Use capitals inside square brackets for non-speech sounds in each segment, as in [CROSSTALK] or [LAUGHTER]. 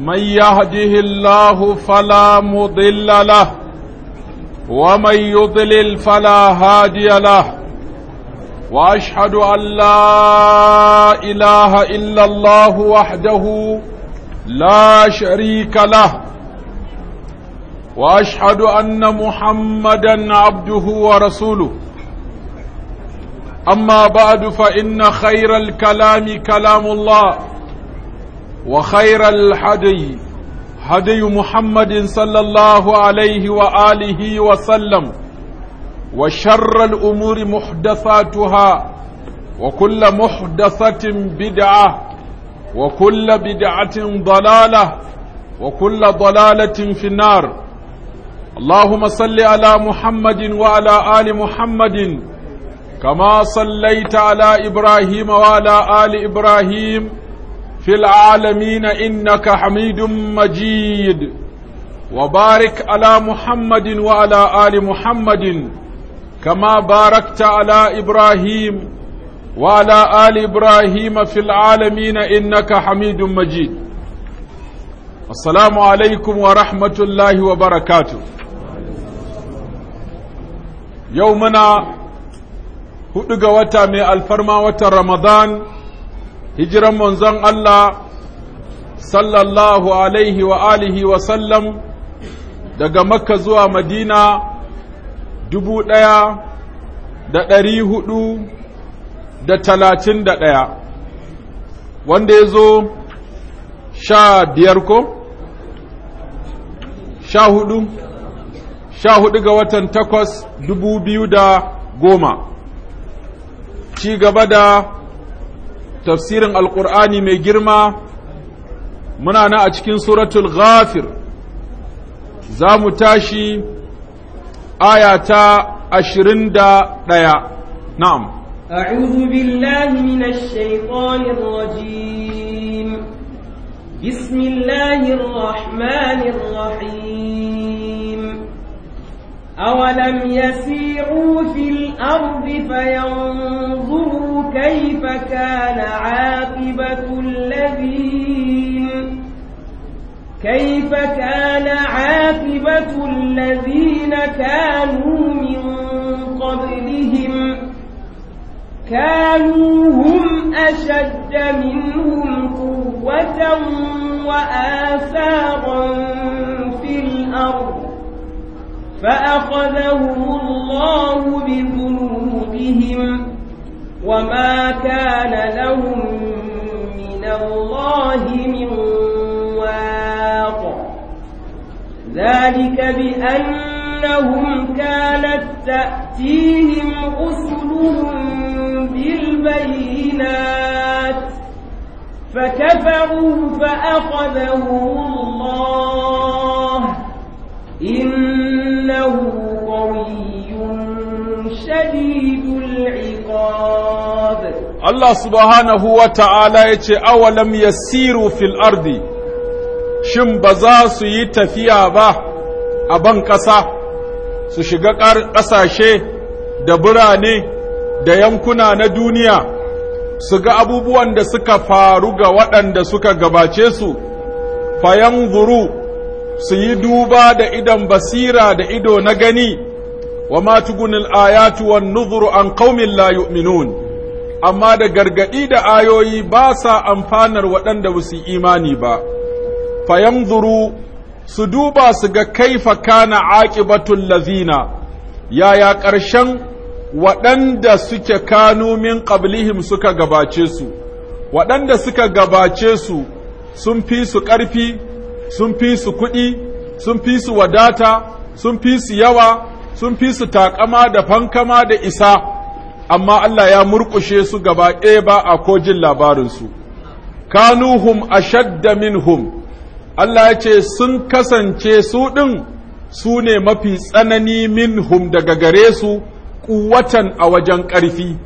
من يهده الله فلا مضل له ومن يضلل فلا هادي له واشهد ان لا اله الا الله وحده لا شريك له واشهد ان محمدا عبده ورسوله اما بعد فان خير الكلام كلام الله وخير الحدي هدي محمد صلى الله عليه وآله وسلم وشر الأمور محدثاتها وكل محدثة بدعة وكل بدعة ضلالة وكل ضلالة في النار اللهم صل على محمد وعلى آل محمد كما صليت على إبراهيم وعلى آل إبراهيم في العالمين إنك حميد مجيد وبارك على محمد وعلى آل محمد كما باركت على إبراهيم وعلى آل إبراهيم في العالمين إنك حميد مجيد السلام عليكم ورحمة الله وبركاته يومنا هدق وتامي الفرما وتر رمضان hijiran manzon Allah sallallahu alaihi wa alihi wa sallam daga makka zuwa madina dubu ɗaya da ɗari hudu da talatin da ɗaya wanda ya zo sha biyar ko? sha hudu sha hudu ga watan takwas dubu biyu da goma ci gaba da tafsirin alkur'ani mai girma muna na a cikin suratul ghafir za mu tashi aya ta ashirin da ɗaya na'am أعوذ بالله من الشيطان الرجيم بسم الله الرحمن الرحيم أولم يسيروا في الأرض فينظروا كيف كان عاقبة الذين كيف كان عاقبة الذين كانوا من قبلهم كانوا هم أشد منهم قوة وآثارا في الأرض فأخذهم الله بذنوبهم وما كان لهم من الله من واق ذلك بأنهم كانت تأتيهم رسلهم بالبينات فكفروا فأخذهم الله إن allah subhanahu wa ta’ala ya ce, وتعالى يتي أولم يسيروا fil ardi shin ba za su yi tafiya ba a ban ƙasa su shiga ƙasashe da birane da yankuna na duniya su ga abubuwan da suka faru ga waɗanda suka gabace su fayan zuru su yi duba da idan basira da ido na gani wa ma tugunil ayatu wan nuzuru an qaumin la yu'minun amma da gargadi da ayoyi ba sa amfanar waɗanda ba su imani ba fayanzuru su duba su ga kaifa kana aqibatul lazina yaya ƙarshen waɗanda suke kanu min qablihim suka gabace su waɗanda suka gabace su sun fi su ƙarfi sun fi su kuɗi sun fi su wadata sun fi su yawa sun fi su takama da fankama da isa amma Allah ya murƙushe su gaba ɗaya ba a kojin labarinsu kanuhum a shadda minhum Allah ya ce sun kasance su ɗin su ne mafi tsanani minhum daga gare su kuwatan a wajen ƙarfi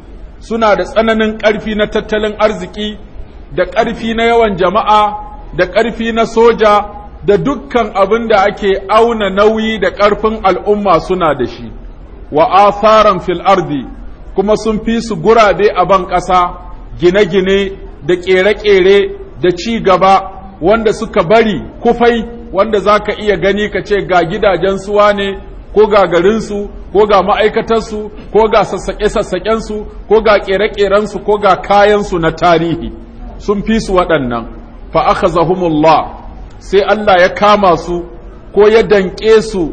suna da tsananin ƙarfi na tattalin arziki da ƙarfi na yawan jama'a da ƙarfi na soja da dukkan abin da ake auna nauyi da ƙarfin al'umma suna da shi, wa asaran fil ardi kuma sun fi su gurabe a ban ƙasa, gine-gine da ƙere-ƙere da ci gaba wanda suka bari kufai wanda za ka iya gani ka ce ga gidajen suwa ne ko ga garinsu ko ga ma'aikatarsu ko ga sassaƙe-sassaƙensu ko ga ƙere-ƙerensu ko ga kayansu na tarihi sun fi su waɗannan. fa akhazahumullah sai Allah ya kama su ko ya danke su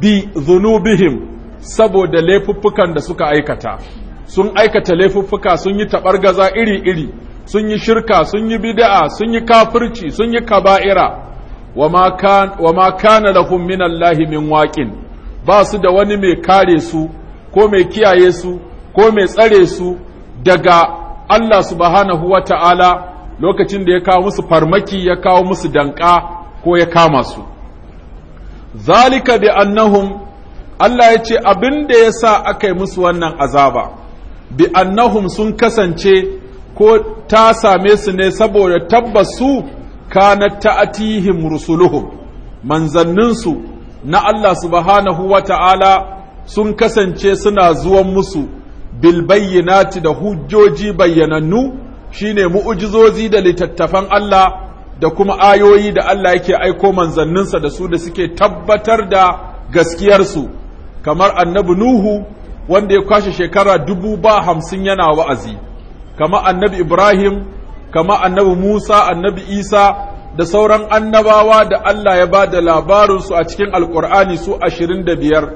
bi dhunubihim saboda laifuffukan da suka aikata sun aikata laifuffuka sun yi taɓargaza iri-iri sun yi shirka sun yi bid'a sun yi kafirci sun yi kaba'ira wa kan wama kana lahum minallahi min waqin ba su da wani mai kare su ko mai kiyaye su ko mai tsare su daga Allah subhanahu wa ta'ala lokacin da ya kawo musu farmaki ya kawo musu danka ko ya kama su zalika bi annahum Allah ya ce abin da ya sa aka yi musu wannan azaba bi annahum sun kasance ko ta same su ne saboda tabbas su kanat ta'atihim rusuluhum manzanninsu na Allah subhanahu wa ta'ala sun kasance suna zuwan musu bil bayyinati da hujjoji bayyanannu shine mu'ujizozi da littattafan Allah da kuma ayoyi da Allah yake aiko manzanninsa da su da suke tabbatar da gaskiyarsu kamar annabi Nuhu wanda ya kwashe shekara dubu ba hamsin yana wa'azi kama annabi Ibrahim kama annabi Musa annabi Isa da sauran annabawa da Allah ya ba da labarinsu a cikin alkur'ani su ashirin da biyar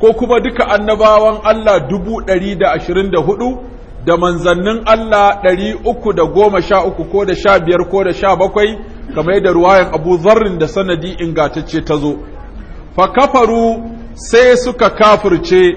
ko kuma duka annabawan Allah dubu ɗari da ashirin da hudu da manzannin Allah ɗari uku da goma sha uku ko da sha biyar ko da sha bakwai kamar da ruwayan abu zarrin da sanadi ingatacce ta zo fa kafaru sai suka kafirce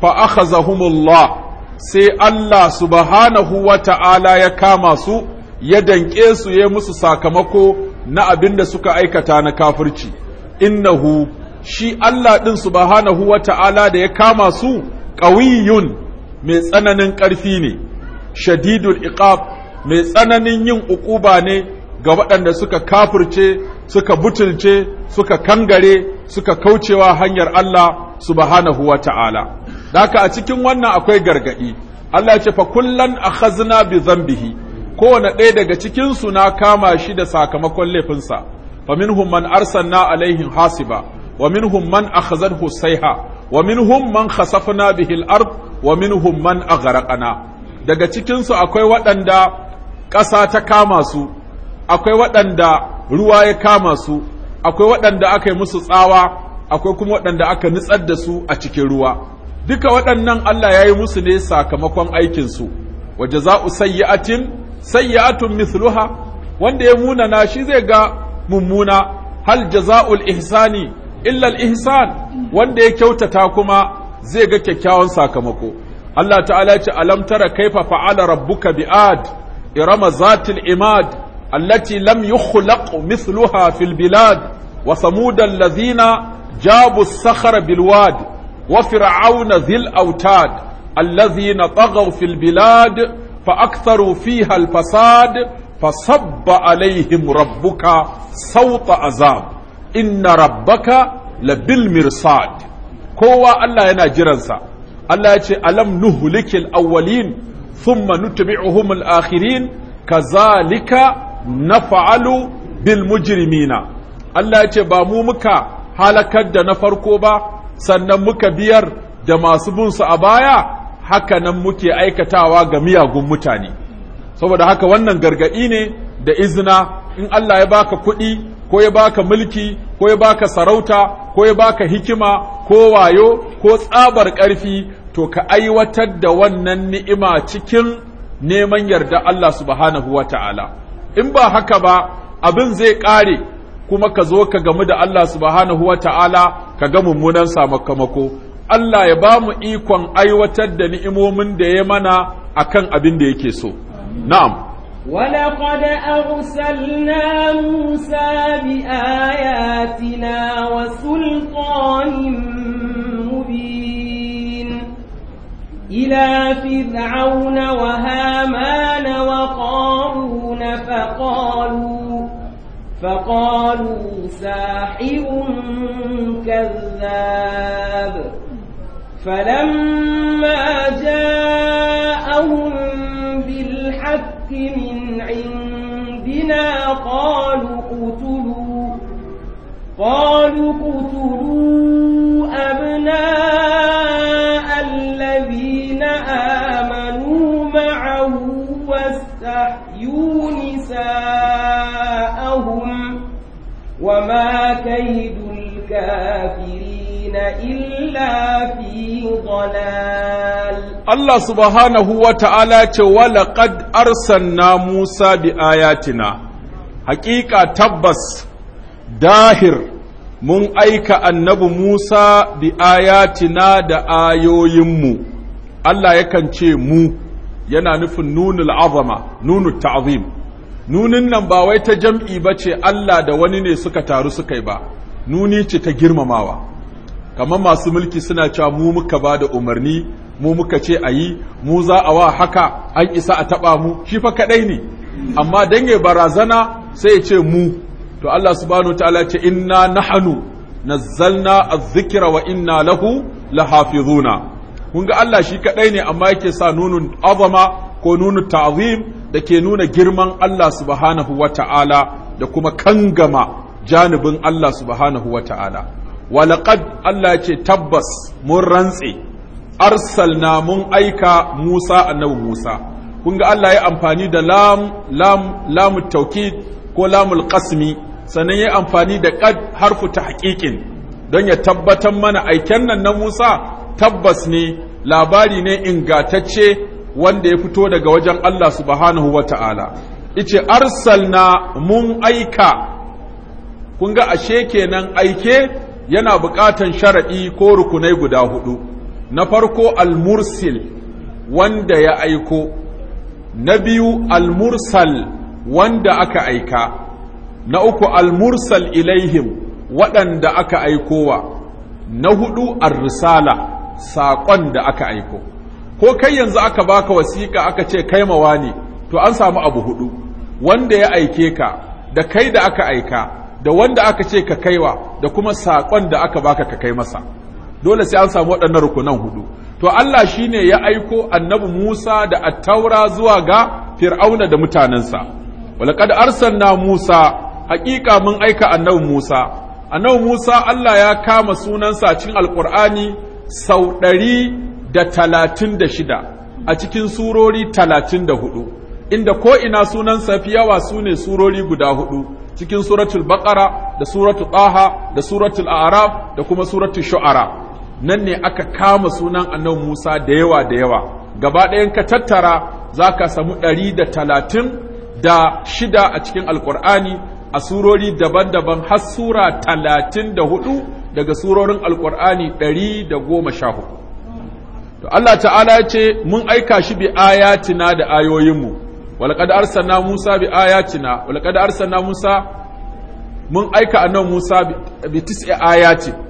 fa zahumullah sai Allah subhanahu wa ta'ala ya kama su ya danƙe su ya musu sakamako na abin da suka aikata na kafirci innahu shi Allah ɗin subhanahu wa ta'ala da ya kama su ƙawiyun mai tsananin ƙarfi ne shadidul iqab mai tsananin yin uquba ne ga waɗanda suka kafirce suka butulce suka kangare suka kaucewa hanyar Allah su subhanahu wa ta'ala daka a cikin wannan akwai gargaɗi. Allah ce fa kullan akhazna bi bihi. kowane ɗaya daga cikin su na kama shi da sakamakon laifinsa fa minhum man arsalna alaihim hasiba wa minhum man akhazathu sayha wa minhum man khasafna bihi al-ard wa minhum man aghraqna daga cikin su akwai waɗanda ƙasa ta kama su akwai waɗanda ruwa ya kama su akwai waɗanda aka yi musu tsawa akwai kuma waɗanda aka nitsar da su a cikin ruwa duka waɗannan Allah ya yi musu ne sakamakon aikinsu wa jaza'u sayyi'atin sayyi'atun mithluha wanda ya muna na shi zai ga mummuna hal jaza'ul ihsani illal ihsan wanda ya kyautata kuma zai ga kyakkyawan sakamako Allah ta'ala ce alam tara kaifa fa'ala rabbuka bi'ad irama zatil imad allati lam yukhlaq mithluha fil bilad wa samudal lazina, jabu as-sakhara bil wad wa fir'auna dhil autad allazina taghaw fil bilad فأكثروا فيها الفساد فصب alaihim rabbuka سوط azab inna rabbaka labil mirsad kowa Allah yana jiransa Allah ya ce alam nuhlikil awwalin thumma nutbi'uhum al-akhirin kazalika naf'alu bil mujrimina Allah ya ce ba mu muka halakar da na farko ba sannan muka biyar da masu bin su a baya haka nan muke aikatawa ga miyagun mutane saboda haka wannan gargadi ne da izina in Allah ya baka kuɗi ko ya baka mulki ko ya baka sarauta ko ya baka hikima ko wayo ko tsabar ƙarfi to ka aiwatar da wannan ni'ima cikin neman yarda Allah subhanahu wa ta'ala, in ba haka ba abin zai ƙare kuma ka zo ka gamu da Allah subhanahu wa ta'ala ka ga mummunan sakamako. Allah ya ba mu ikon aiwatar da ni'imomin da ya mana akan abin da yake so. Na'am. ولقد أرسلنا موسى بآياتنا وسلطان مبين إلى فرعون وهامان وقارون فقالوا فقالوا ساحر كذاب فلما جاءهم من عندنا قالوا قتلوا قالوا قتلوا أبناء الذين آمنوا معه واستحيوا نساءهم وما كيد الكافرين إلا في ضلال Allah subhanahu wa ta'ala ce walaƙad arsanna Musa bi ayatina, haƙiƙa tabbas dahir mun aika annabi Musa bi ayatina da ayoyinmu, Allah yakan ce mu yana nufin nunul azama, nunu ta'azim. Nunin nan ba wai ta jam'i ba ce Allah da wani ne suka taru suka yi ba, nuni ce ta girmamawa, kamar masu mulki suna cewa mu muka ba da umarni mu muka ce a yi mu za a wa haka an isa a taɓa mu shi fa kaɗai ne amma dan ya barazana sai ya ce mu to Allah subhanahu ta'ala ce inna nahanu nazzalna adh-dhikra wa inna lahu lahafizuna kun ga Allah shi kaɗai ne amma yake sa nunun azama ko nunun ta'zim da ke nuna girman Allah subhanahu wa da kuma kangama janibin Allah subhanahu wa ta'ala wa laqad Allah ce tabbas mun rantse Arsal na mun aika Musa annabi Musa kun ga Allah ya amfani da lam lam tawkid ko lamul qasmi sannan ya amfani da qad harfu tahqiqin don ya tabbatar mana aiken nan na Musa tabbas ne labari ne ingatacce wanda ya fito daga wajen Allah subhanahu wata'ala ice arsalna mun aika kun ga ashe kenan aike yana buƙatan sharaɗi ko rukunai guda hudu na farko al-mursil wanda ya aiko na biyu al-mursal wanda aka aika na uku al-mursal ilaihim waɗanda aka aikowa na hudu ar-risala saƙon da aka aiko ko kai yanzu aka baka wasiƙa aka ce kai kaimawa ne to an samu abu hudu wanda ya aike ka da kai da aka aika da wanda aka ce ka kaiwa da kuma saƙon da aka baka ka kai masa dole sai an samu waɗannan rukunan hudu to Allah shine ya aiko annabi Musa da attaura zuwa ga Fir'auna da mutanensa walaqad arsalna Musa haƙiƙa mun aika annabi Musa annabi Musa Allah ya kama sunansa cikin Alƙur'ani sau ɗari da talatin da shida a cikin surori talatin da hudu inda ko ina sunansa fi yawa su ne surori guda hudu cikin suratul baqara da suratul taha da suratul a'raf da kuma suratul shu'ara nan ne aka kama sunan annabi Musa da yawa da yawa gaba ɗayan ka tattara za ka samu ɗari da talatin da shida a cikin alkur'ani a surori daban-daban har sura talatin da hudu daga surorin alkur'ani ɗari da goma sha hudu to Allah ta'ala ya ce mun aika shi bi ayatina da ayoyinmu walƙada arsalna Musa bi ayatina walƙada arsalna Musa mun aika annabi Musa bi tis'i ayatin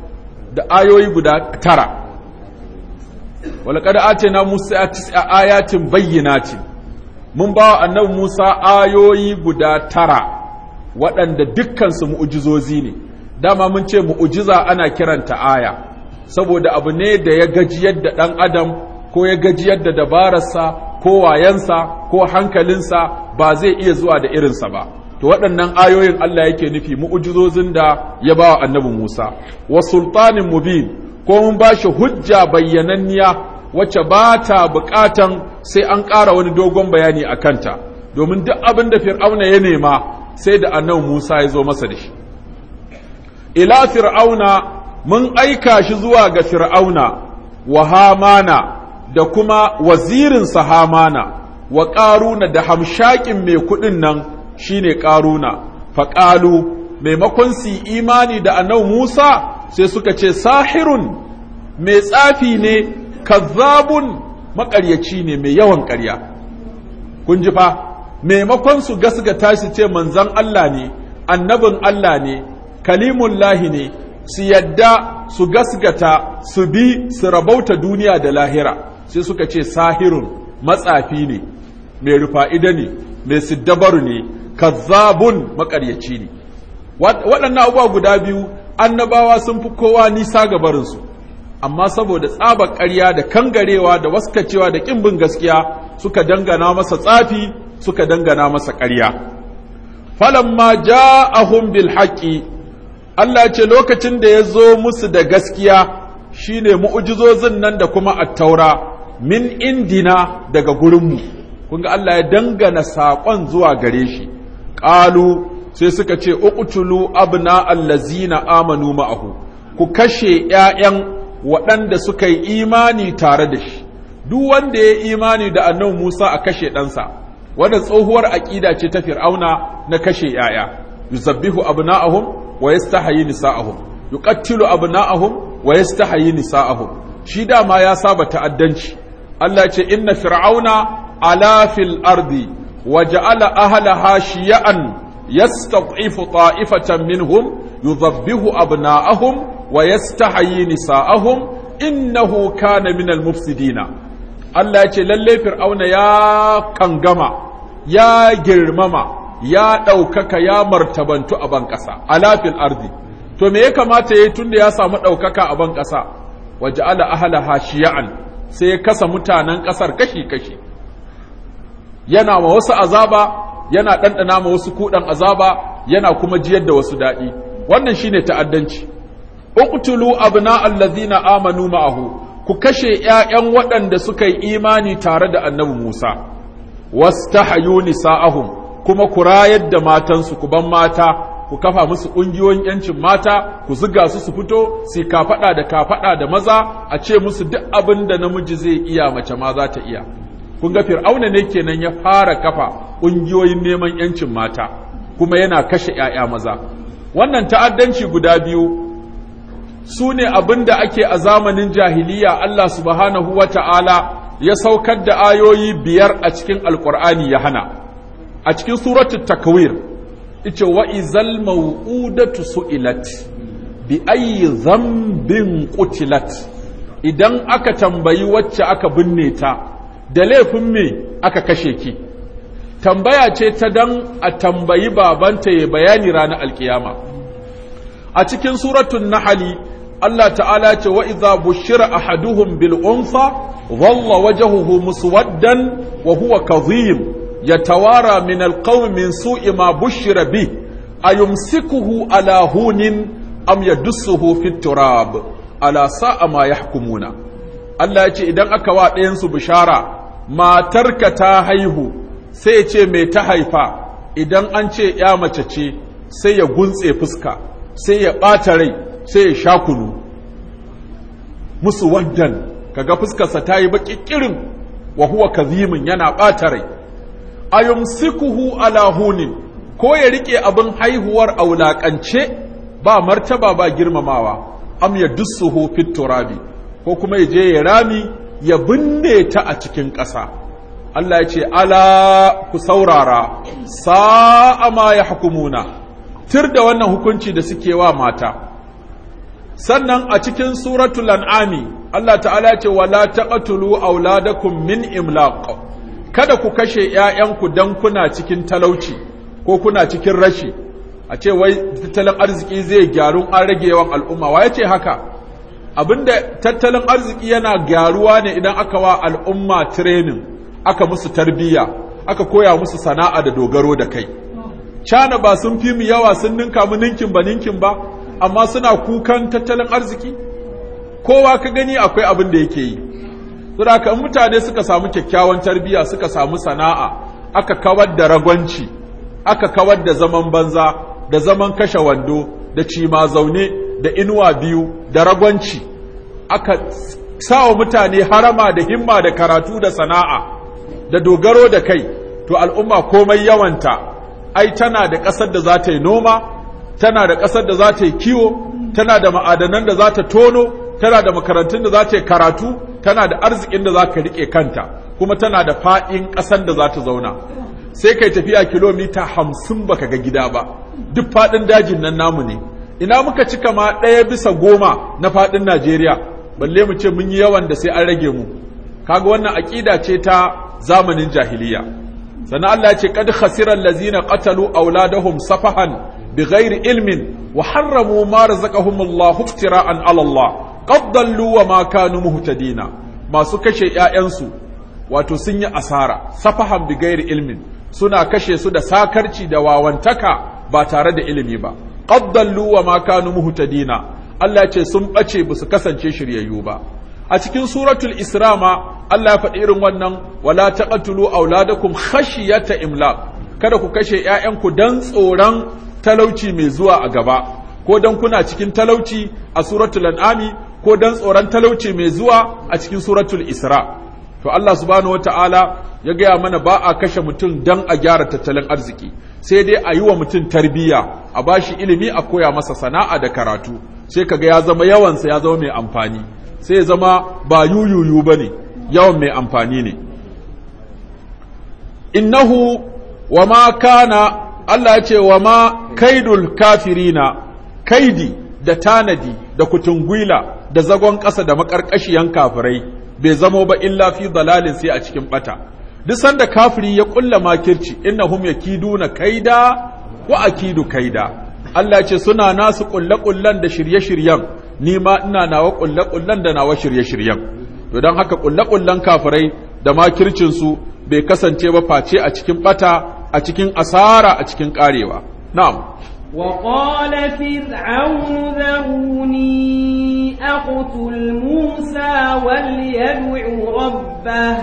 da ayoyi guda tara walƙada ace na musa a ayatin ce. mun ba wa annabi musa ayoyi guda tara waɗanda dukkansu mu'ujizozi ne dama mun ce mu'ujiza ana kiranta aya saboda abu ne da ya gaji yadda ɗan adam ko ya gaji yadda dabararsa ko wayansa ko hankalinsa ba zai iya zuwa da irinsa ba to waɗannan ayoyin Allah yake nufi mu'ujizozin da ya ba wa annabi Musa wa sultanin mubin ko mun ba shi hujja bayyananniya wacce ba ta buƙatan sai an ƙara wani dogon bayani a kanta domin duk abin da fir'auna ya nema sai da annabi Musa ya zo masa da shi ila fir'auna mun aika shi zuwa ga fir'auna wa hamana da kuma wazirinsa hamana wa ƙaruna da hamshakin mai kuɗin nan shine ƙaruna faƙalu maimakon su imani da annabi Musa sai suka ce sahirun mai tsafi ne kazzabun maƙaryaci ne mai yawan ƙarya kun ji fa maimakon su gasgata su ce manzan Allah ne annabin Allah ne kalimun lahi ne su yadda su gasgata su bi su rabauta duniya da lahira sai suka ce sahirun matsafi ne mai rufa'ida ne mai siddabaru ne kazzabun makaryaci ne waɗannan abubuwa guda biyu annabawa sun fi kowa nisa ga barinsu amma saboda tsaba ƙarya da kangarewa da waskacewa da ƙimbin gaskiya suka dangana masa tsafi suka dangana masa ƙarya falamma a bil haƙi Allah ce lokacin da ya zo musu da gaskiya shine mu'ujizozin nan da kuma a taura min indina daga gurinmu kunga Allah ya dangana saƙon zuwa gare shi ƙalu sai suka ce uqtulu abna allazina amanu ma'ahu ku kashe ƴaƴan waɗanda suka yi imani tare da shi duk wanda ya imani da annabi Musa a kashe ɗansa wanda tsohuwar aƙida ce ta Fir'auna na kashe ƴaƴa yuzabbihu abna'ahum wa yastahyi nisa'ahum yuqattilu abna'ahum wa yastahyi nisa'ahum shi dama ya saba ta'addanci Allah ce inna fir'auna ala fil ardi وجعل أهلها شيئا يستضعف طائفة منهم يذبه أبناءهم ويستحيي نساءهم إنه كان من المفسدين Allah ya ce lallai Fir'auna ya kangama ya girmama ya ɗaukaka ya martabantu a ban ƙasa alafil arzi. to me ya kamata yayi tunda ya samu ɗaukaka a ban ƙasa waja'ala ahlaha shiya'an sai ya kasa mutanen ƙasar kashi kashi yana ma wasu azaba yana ɗanɗana ma wasu kuɗan azaba yana kuma jiyar da wasu daɗi wannan shi ne ta'addanci Abu abna allazina amanu ma'ahu ku kashe 'ya'yan waɗanda suka yi imani tare da annabi Musa Wasu ta wastahayu nisa'ahum kuma ku rayar da matansu ku ban mata ku kafa musu ƙungiyoyin yancin mata ku zuga su su fito su kafaɗa da kafaɗa da maza a ce musu duk abin da namiji zai iya mace ma za ta iya kun ga fir'auna ne kenan ya fara kafa ƙungiyoyin neman yancin mata kuma yana kashe 'ya'ya maza wannan ta'addanci guda biyu su ne abin da ake a zamanin jahiliya Allah subhanahu wa ta'ala ya saukar da ayoyi biyar a cikin Alƙur'ani ya hana a cikin suratul takwir ice wa izal maw'udatu su'ilat bi ayyi dhanbin qutilat idan aka tambayi wacce aka binne ta da laifin me aka kashe ki tambaya ce ta dan a tambayi babanta ya bayani ranar alkiyama a cikin suratun nahali Allah ta'ala ce wa idza bushira ahaduhum bil unsa dhalla wajhuhu muswaddan wa huwa kadhim yatawara min al qawmi min su'i ma bushira bi ayumsikuhu ala hunin am yadussuhu fit turab ala sa'a ma yahkumuna Allah ya ce idan aka wa ɗayan su bishara matarka ta haihu sai ya ce mai ta haifa idan an ce ya mace ce sai ya guntse fuska sai ya ɓata rai sai ya sha kunu musu waddan kaga fuskarsa ta yi baƙiƙirin wa huwa kazimin yana ɓata rai a yumsikuhu ala ko ya riƙe abin haihuwar a wulaƙance ba martaba ba girmamawa am ya dussuhu fit turabi ko kuma ya je ya rami ya binne ta a cikin ƙasa Allah ya ce ala ku saurara sa'a ma ya hukumuna tir da wannan hukunci da suke wa mata sannan a cikin suratul an'ami Allah ta'ala ce wala taqtulu auladakum min imlaq kada ku kashe ƴaƴanku dan kuna cikin talauci ko kuna cikin rashi a ce wai tattalin arziki zai gyaru an rage yawan al'umma wa ya ce haka abinda tattalin arziki yana gyaruwa ne idan aka wa al'umma training aka musu tarbiyya aka koya musu sana'a da dogaro da kai cana ba sun fi mu yawa sun ninka mu ninkin ba ninkin ba amma suna kukan tattalin arziki kowa ka gani akwai abin da yake yi saboda mutane suka samu kyakkyawan tarbiyya suka samu sana'a aka kawar da ragwanci aka kawar da zaman banza da zaman kashe wando da cima zaune da inuwa biyu da ragwanci aka sa wa mutane harama da himma da karatu da sana'a da dogaro da kai to al'umma komai yawanta ai tana da ƙasar da za ta yi noma tana da ƙasar da za ta yi kiwo tana da ma'adanan da za ta tono tana da makarantun da za ta yi karatu tana da arzikin da za ka riƙe kanta kuma tana da faɗin ƙasar da za ta zauna sai kai tafiya kilomita hamsin baka ga gida ba duk faɗin dajin nan namu ne ina muka cika ma ɗaya bisa goma na faɗin Najeriya balle mu ce mun yi yawan da sai an rage mu kaga wannan aƙida ce ta zamanin jahiliya sannan Allah ce qad lazina allazina qatalu auladahum safahan bighairi ilmin wa harramu ma razaqahum Allah iftira'an 'ala Allah qad dallu wa ma kanu muhtadina masu kashe ƴaƴansu wato sun yi asara safahan bighairi ilmin suna kashe su da sakarci da wawantaka ba tare da ilimi ba qaddallu wa ma kanu muhtadina Allah ce sun bace ba kasance shiryayyu ba a cikin suratul isra ma Allah ya faɗi irin wannan wala taqtulu auladakum khashyata imlaq kada ku kashe ƴaƴanku dan tsoron talauci mai zuwa a gaba ko dan kuna cikin talauci a suratul an'ami ko dan tsoron talauci mai zuwa a cikin suratul isra to Allah subhanahu wataala ya gaya mana ba a kashe mutum dan a gyara tattalin arziki sai dai a yi wa mutum tarbiyya a ba shi ilimi a koya masa sana'a da karatu sai kaga ya zama yawansa ya zama mai amfani sai ya zama ba yuyuyu bane yawan mai amfani ne innahu wa ma kana Allah ya ce wa ma kaidul kafirina kaidi da tanadi da kutungwila da zagon ƙasa da maƙarƙashiyan kafirai bai zamo ba illa fi dalalin sai a cikin bata duk sanda kafiri ya kulla makirci innahum yakiduna kaida wa akidu kaida Allah ce suna nasu kullakullan da shirye-shiryen ni ma ina nawa kullakullan da nawa shirye-shiryen to dan haka kullakullan kafirai da makircin su bai kasance ba face a cikin bata a cikin asara a cikin karewa na'am وقال فرعون ذروني أقتل موسى وليدع ربه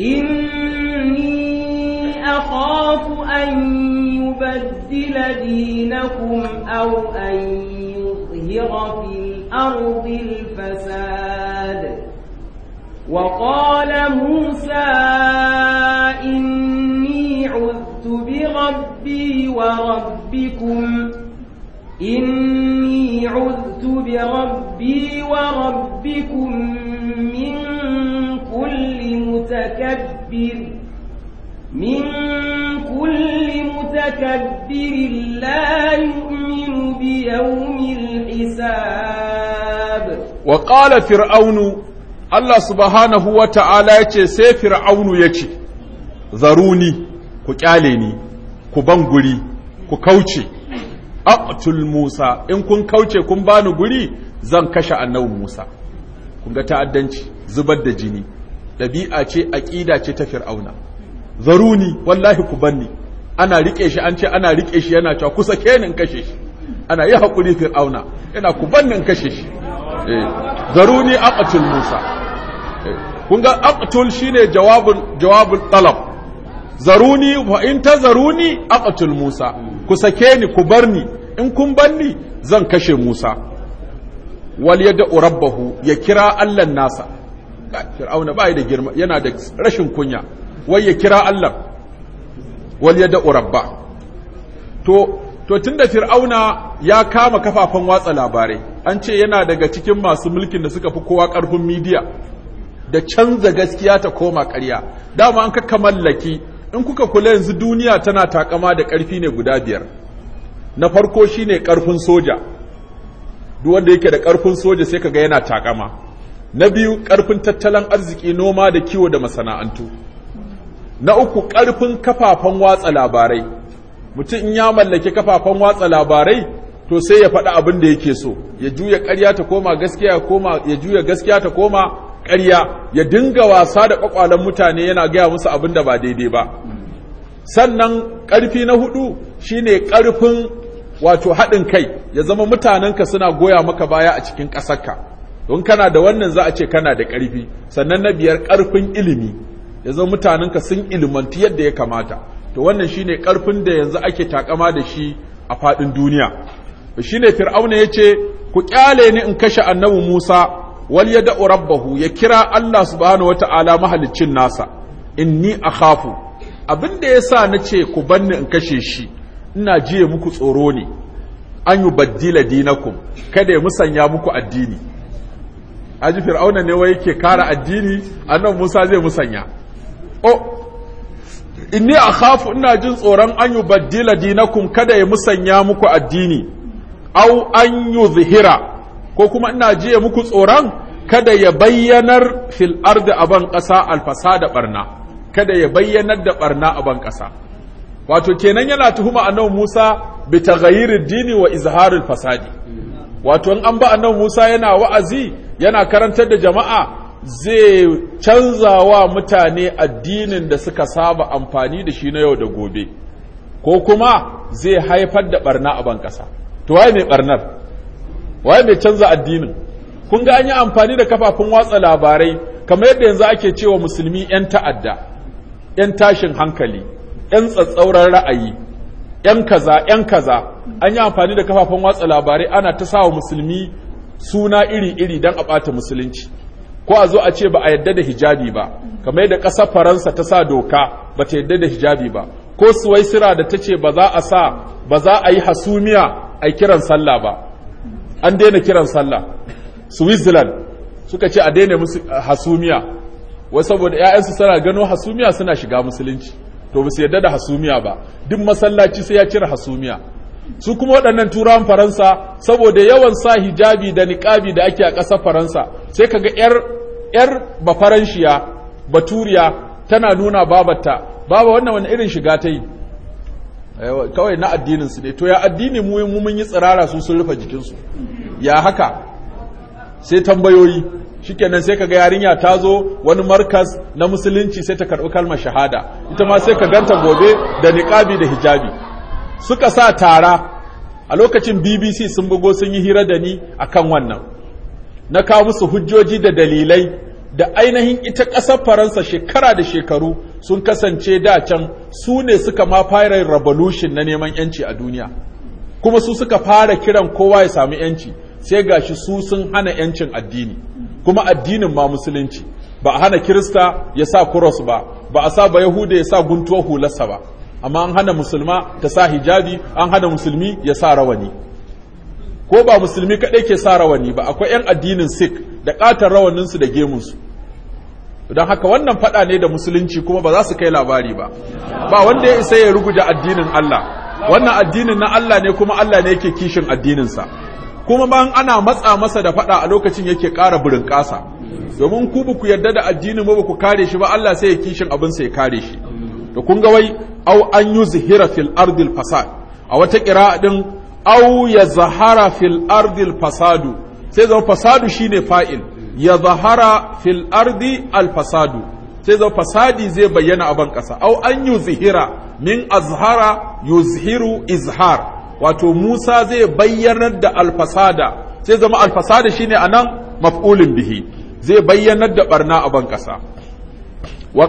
إني أخاف أن يبدل دينكم أو أن يظهر في الأرض الفساد وقال موسى إن بربي وربكم إني عذت بربي وربكم من كل متكبر من كل متكبر لا يؤمن بيوم الحساب وقال فرعون الله سبحانه وتعالى يتي سي فرعون يتي ذروني ku kyale ni ku ban guri ku kauce aqtul musa in kun kauce kun bani guri zan kashe annabi musa kun ga ta'addanci zubar da jini dabi'a ce aqida ce ta fir'auna zaruni wallahi ku banni ana rike shi an ce ana rike shi yana cewa kusa kenin kashe shi ana yi hakuri fir'auna yana ku bannin kashe shi eh zaruni aqtul musa eh, kun ga aqtul shine jawabun jawabul talab zaruni wa in zaruni aqatul Musa ku sake ni ku barni in kun barni zan kashe Musa wal yad'u rabbahu ya kira Allah nasa Fir'auna bai da girma yana da rashin kunya wai ya kira Allah wal yad'u rabba to to tunda Fir'auna ya kama kafafan watsa labarai an ce yana daga cikin masu mulkin da suka fi kowa karfin midiya da canza gaskiya ta koma ƙarya dama an ka mallaki in kuka kula yanzu duniya tana takama da ƙarfi ne guda biyar na farko shine ƙarfin soja duk wanda yake da ƙarfin soja sai ka ga yana takama na biyu ƙarfin tattalin arziki noma da kiwo da masana'antu na uku ƙarfin kafafen watsa labarai mutum in ya mallake kafafen watsa labarai to sai ya faɗi abin da yake so ya juya ƙarya ta koma gaskiya ya koma ya juya gaskiya ta koma ƙarya ya dinga wasa da ƙwaƙwalen mutane yana gaya musu abin da ba daidai ba sannan ƙarfi na hudu shine ƙarfin wato haɗin kai ya zama mutanenka suna goya maka baya a cikin ƙasarka don kana da wannan za a ce kana da ƙarfi sannan na biyar ƙarfin ilimi ya zama mutanenka sun ilimanti yadda ya kamata to wannan shine ƙarfin da yanzu ake takama da shi a faɗin duniya shine fir'auna ya ce ku ƙyale ni in kashe annabi Musa wal ya da'u rabbahu ya kira Allah subhanahu wata'ala mahaliccin nasa inni akhafu abin da yasa nace ku banni in kashe shi ina jiye muku tsoro ne an baddila dinakum kada ya musanya muku addini aji fir'auna ne wai yake kara addini annab Musa zai musanya oh inni akhafu ina jin tsoron an baddila dinakum kada ya musanya muku addini au an yuzhira ko kuma ina jiya muku tsoron kada ya bayyanar fil a ban ƙasa alfasa da barna kada ya bayyanar da barna aban ƙasa wato kenan yana tuhuma annabi Musa bi taghayyir dini wa izharil fasadi wato in an ba annabi Musa yana wa'azi yana karantar da jama'a zai canza wa mutane addinin da suka saba amfani da shi na yau da gobe ko kuma zai haifar da barna a ban ƙasa to waye mai barnar waye mai canza addinin kun ga an yi amfani da kafafun watsa labarai kamar yadda yanzu ake cewa musulmi 'yan ta'adda 'yan tashin hankali 'yan tsatsauran ra'ayi 'yan kaza 'yan kaza an yi amfani da kafafun watsa labarai ana ta sawa musulmi suna iri-iri don a ɓata musulunci ko a zo a ce ba a yadda da hijabi ba kamar yadda ƙasar faransa ta sa doka ba ta yadda da hijabi ba ko suwaisira da ta ce ba za a sa ba za a yi hasumiya a kiran sallah ba an daina kiran sallah switzerland suka ce a daina musu hasumiya wai saboda 'ya'yansu suna gano hasumiya suna shiga musulunci to ba su yarda da hasumiya ba duk masallaci sai ya cire hasumiya su kuma waɗannan turawan faransa saboda yawan sa hijabi da niqabi da ake a ƙasar faransa sai kaga yar yar bafaranshiya baturiya tana nuna babarta baba wannan wani irin shiga ta yi eh, kawai na addinin su ne to ya addini mu mun yi tsirara su sun rufe jikinsu ya haka sai tambayoyi shikenan sai kaga yarinya ta zo wani markas na musulunci sai ta karɓi kalmar shahada ita ma sai ka ganta gobe da niƙabi da hijabi suka sa tara a lokacin BBC sun bugo sun yi hira da ni akan wannan na kawo musu hujjoji da dalilai da ainihin ita ƙasar Faransa shekara da shekaru sun kasance da can su ne suka ma fara revolution na neman yanci a duniya kuma su suka fara kiran kowa ya samu yanci sai ga shi su sun hana yancin addini kuma addinin ma musulunci ba a hana kirista ya sa kuros ba ba a sa ba yahuda ya sa guntuwar hularsa ba amma an hana musulma ta sa hijabi an hana musulmi ya sa rawani ko ba musulmi kaɗai ke sa rawani ba akwai 'yan addinin sik da ƙatar rawaninsu da gemunsu don haka wannan faɗa ne da musulunci kuma ba za su kai labari ba ba wanda ya isa ya ruguje addinin Allah wannan addinin na Allah ne kuma Allah ne yake kishin addininsa kuma ban ana matsa masa da faɗa a lokacin yake ƙara burin ƙasa domin ku ba ku yarda da addini ba ku kare shi ba Allah sai ya kishin abin sai ya kare shi to kun ga wai au an yuzhira fil ardil fasad a wata ƙira'a din au yazhara fil ardil fasadu sai zama fasadu shine fa'il yazhara fil ardi al fasadu sai zama fasadi zai bayyana a ban ƙasa au an yuzhira min azhara yuzhiru izhar wato Musa zai bayyanar da alfasada sai zama alfasada shine anan maf'ulin bihi zai bayyanar da barna a ban ƙasa. wa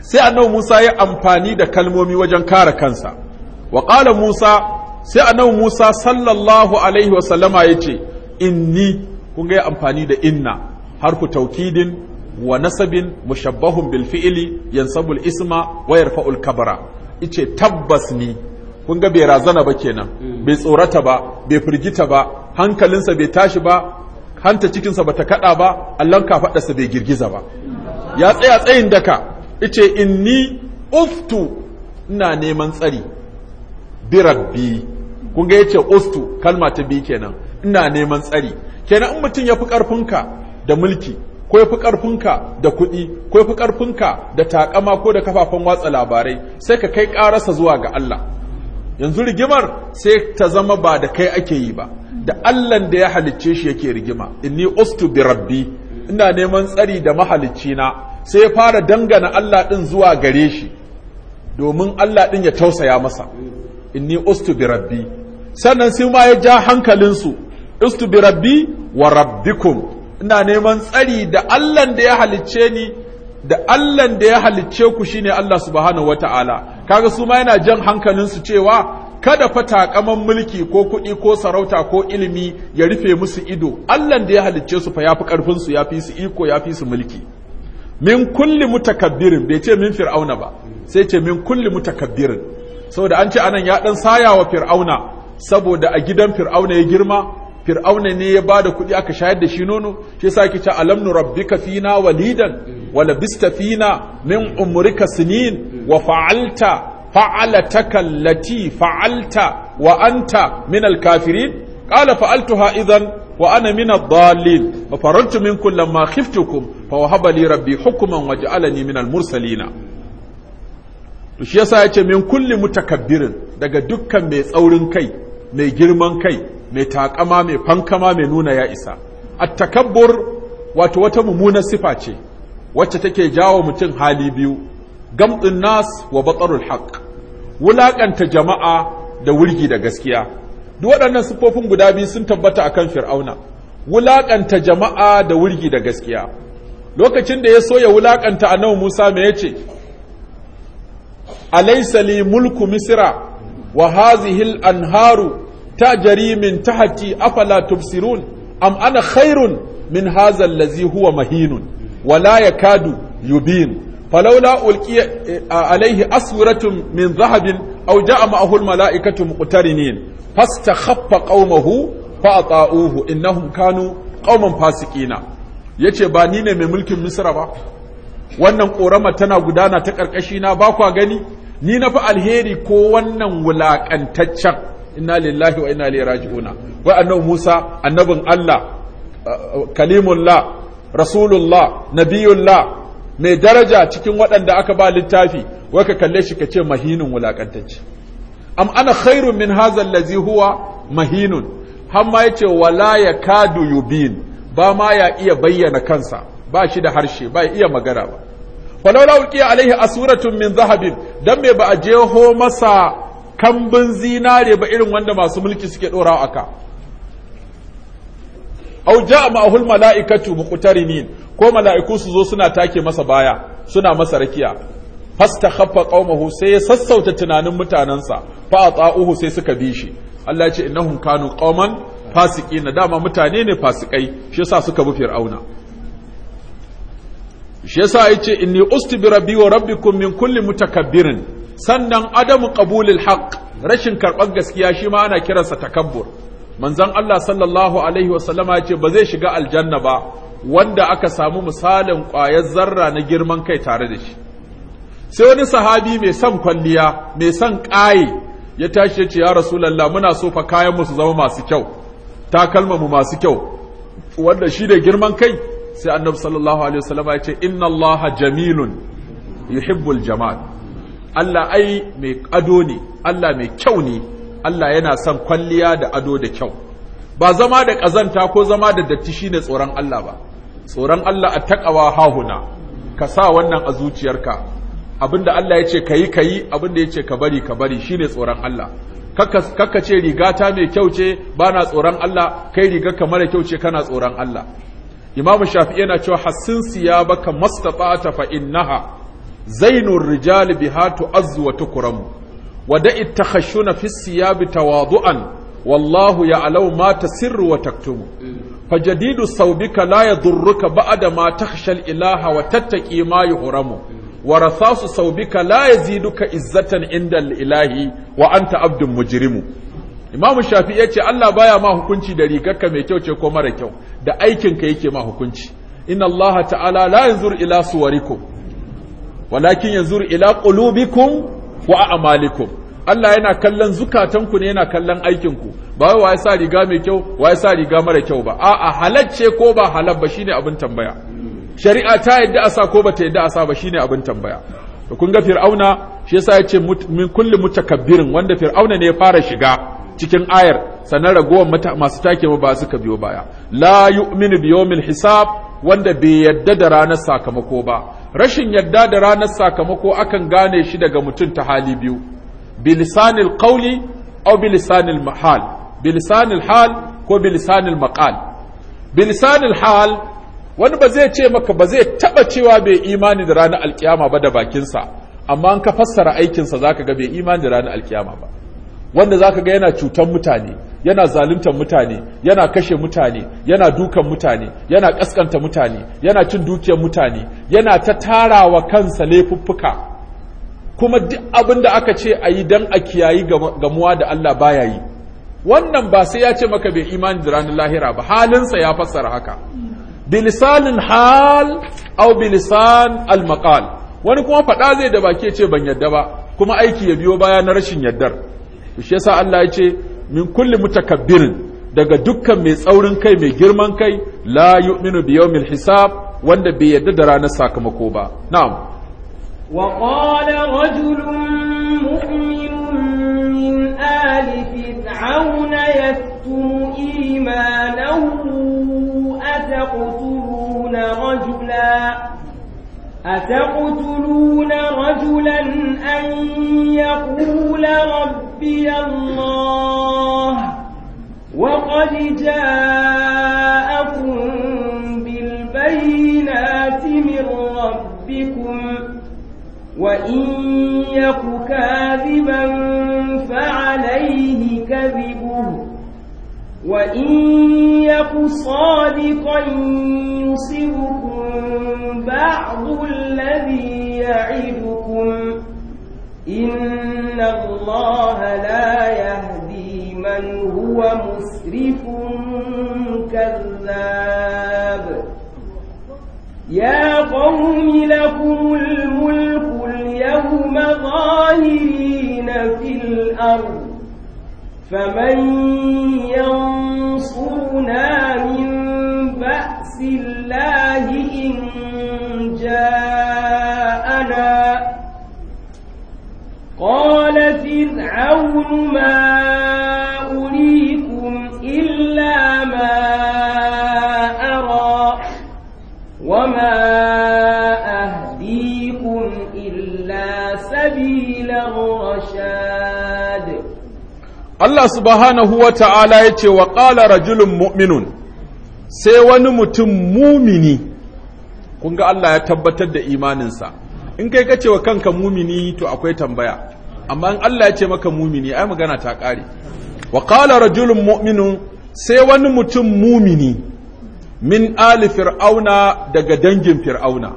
sai annabi Musa ya amfani da kalmomi wajen kare kansa waƙala Musa sai annabi Musa sallallahu alaihi wasallama yace inni kun ga amfani da inna har ku taukidin wa nasabin mushabbahun bil fi'li yansabu isma wa yarfa'u kabara ice tabbas ni kun ga bai razana ba kenan hmm. bai tsorata ba bai firgita ba hankalinsa bai tashi ba hanta cikinsa ta kada ba allon kafadarsa bai girgiza ba ya tsaya tsayin daka ice inni uftu ina neman tsari bi rabbi kun ga yace ustu kalma ta bi kenan ina neman tsari kenan in mutum ya fi karfinka da mulki ko ya fi ƙarfinka da kuɗi ko ya fi ƙarfinka da takama ko da kafafen watsa labarai sai ka kai karasa zuwa ga Allah yanzu rigimar sai ta zama ba da kai ake yi ba da allan da ya halicce shi yake rigima inni ustu bi rabbi ina neman tsari da mahalicci na sai ya fara dangana allah din zuwa gare shi domin allah din ya tausaya masa inni ustu bi rabbi sannan sai ma ya ja hankalinsu ustu bi rabbi wa rabbikum ina neman tsari da allan da ya halicce ni da allan da ya halicce ku shine allah subhanahu wataala kaga su ma yana jan hankalin su cewa kada fa takaman mulki ko kuɗi ko sarauta ko ilimi ya rufe musu ido Allahn da ya halicce su fa yafi karfin su yafi su iko yafi su mulki min kulli mutakabbirin bai ce min fir'auna ba sai ce min kulli mutakabbirin saboda an ce anan ya dan saya wa fir'auna saboda a gidan fir'auna ya girma fir'auna ne ya bada kuɗi aka shayar da shi nono shi yasa kike ce alam nu rabbika fina walidan wala bistafina min umrika sinin wa fa'alta fa'alataka allati fa'alta wa anta min al-kafirin qala fa'altuha idhan wa ana min ad-dallin fa farantu minkum lamma khiftukum fa wahaba li rabbi hukman waj'alani min al-mursalina to shi yasa yace min kulli mutakabbirin daga dukkan mai tsaurin kai mai girman kai mai taƙama mai fankama mai nuna ya isa at-takabbur wato wata mummunar sifa ce wacce take jawo mutum hali biyu gamtsin nas wa batsarul haq wulakanta jama'a da wurgi da gaskiya duk waɗannan siffofin guda biyu sun tabbata akan fir'auna wulakanta jama'a da wurgi da gaskiya lokacin da ya so ya wulakanta annabi Musa me yace alaysa li mulku misra wa hazihi anharu tajri min tahti afala tubsirun am ana khairun min hadha allazi huwa mahinun wala yakadu yubin falaula ulqiya eh, alaihi aswiratun min zahabin aw jaa ma'ahu almalaikatu muqtarinin fastakhaffa qaumahu fa ata'uhu innahum kanu qauman fasiqina yace ba ni ne mai mulkin misra ba wannan korama tana gudana ta karkashi na ba gani ni na fi alheri ko wannan wulaƙantaccen. inna lillahi wa inna ilaihi raji'una wa annabi Musa annabin Allah eh, eh, kalimullah rasulullah nabiyullah mai daraja cikin waɗanda aka ba littafi wai ka kalle shi ka ce mahinin wulakantacce am ana khairun min hazal huwa mahinun har ma yace wala yakadu yubin ba ma ya iya bayyana kansa ba shi da harshe ba ya iya magana ba falaula ulqiya alaihi asuratun min zahabin dan me ba a jeho masa kambun zinare ba irin wanda masu mulki suke ɗorawa aka aw ja'a ma'ahul mala'ikatu muqtarinin ko mala'iku su zo suna take masa baya suna masa rakiya fastakhaffa qaumahu sai ya sassauta tunanin mutanansa fa ata'uhu sai suka bi shi Allah ya ce innahum kanu qauman fasiqina dama mutane ne fasikai shi yasa suka bi fir'auna shi yasa yace inni ustibi rabbi wa rabbikum min kulli mutakabbirin sannan adamu qabulil haqq rashin karɓar gaskiya shi ma ana kiransa takabbur manzon Allah sallallahu alaihi wasallama ya ce ba zai shiga aljanna ba wanda aka samu misalin ƙwayar zarra na girman kai tare da shi sai wani sahabi mai son kwalliya mai son ƙaye ya tashi ya ce ya rasulallah muna so fa kayan mu su zama masu kyau takalma mu masu kyau wanda shi da girman kai sai annabi sallallahu alaihi wasallam ya ce inna allaha jamilun yuhibbul jamal Allah ai mai ado ne Allah mai kyau ne Allah yana son kwalliya da ado da kyau ba zama da ƙazanta ko zama da datti shine tsoron Allah ba tsoron Allah a takawa hahuna ka sa wannan a zuciyarka abinda Allah ya ce ka yi ka yi abinda ya ce ka bari ka bari shine tsoron Allah kakka ce rigata mai kyau ce ba na tsoron Allah kai riga ka mara kyau ce kana tsoron Allah imamu shafi'i yana cewa hassin siya baka ta fa innaha zainur rijali biha tu'azzu wa wada'i takhashuna fi siyabi tawadu'an wallahu ya'lamu ma tasirru wa taktumu fajadidu saubika la yadurruka ba'da ma takhshal ilaha wa tattaqi ma yuhramu wa rasasu saubika la yaziduka izzatan inda ilahi wa anta abdun mujrimu Imam Shafi ya ce Allah baya ma hukunci da rigarka mai kyau ce ko mara kyau da aikinka yake ma hukunci inna Allah ta'ala la yanzur ila suwarikum walakin yanzur ila qulubikum wa a'malikum Allah yana kallon zukatanku ne yana kallon aikinku ba wai wai sa riga mai kyau wai sa riga mara kyau ba a'a halacce ko ba halal ba shine abin tambaya shari'a ta yadda a sa ko bata yadda a sa ba shine abin tambaya to kun ga fir'auna shi yasa yace min kulli mutakabbirin wanda fir'auna ne ya fara shiga cikin ayar sanar ragowar masu take ba ka biyo baya la yu'minu bi yawmil hisab wanda bai yadda da ranar sakamako ba rashin yadda da ranar sakamako akan gane shi daga mutum ta hali biyu bilisanil qawli aw bilisanil mahal bilisanil hal ko bilisanil maqal bilisanil hal wani ba zai ce maka ba zai taba cewa bai imani da ranar alkiyama ba da bakinsa amma an ka fassara aikinsa zaka ga bai imani da ranar alkiyama ba wanda zaka ga yana cutan mutane yana zaluntar mutane yana kashe mutane yana dukan mutane yana kaskanta mutane yana cin dukiyar mutane yana ta tarawa kansa laifuffuka kuma duk abin da aka ce a yi don a kiyayi gamuwa da Allah baya yi wannan ba sai ya ce maka bai imani da ranar lahira ba halinsa ya fassara haka bilisanin hal au bilisan al wani kuma faɗa zai da baki ce ban yadda ba kuma aiki ya biyo baya na rashin yaddar shi yasa Allah ya ce min kulli mutakabbirin daga dukkan mai tsaurin kai mai girman kai la yu'minu bi yawmil hisab wanda bai yadda da ranar sakamako ba na'am wa qala rajulun mu'minun min ali fir'auna yaktumu imanahu ataqtuluna rajula أتقتلون رجلا أن يقول ربي الله وقد جاءكم بالبينات من ربكم وإن يك كاذبا فعليه كذبه وإن يك صادقا يصبكم بعض الذي يعدكم إن الله لا يهدي من هو مسرف كذاب يا قوم لكم الملك اليوم ظاهرين في الأرض فمن ينصرنا من بأس الله إن جاءنا قال فرعون ما Allah subhanahu wa ta'ala ya ce wa ƙala rajulun mu'minun sai wani mutum mumini kun ga Allah ya tabbatar da imaninsa in kai kace wa kanka mumini to akwai tambaya amma in Allah ya ce maka mumini ai magana ta ƙare wa ƙala rajulun mu'minun sai wani mutum mumini min ali fir'auna daga dangin fir'auna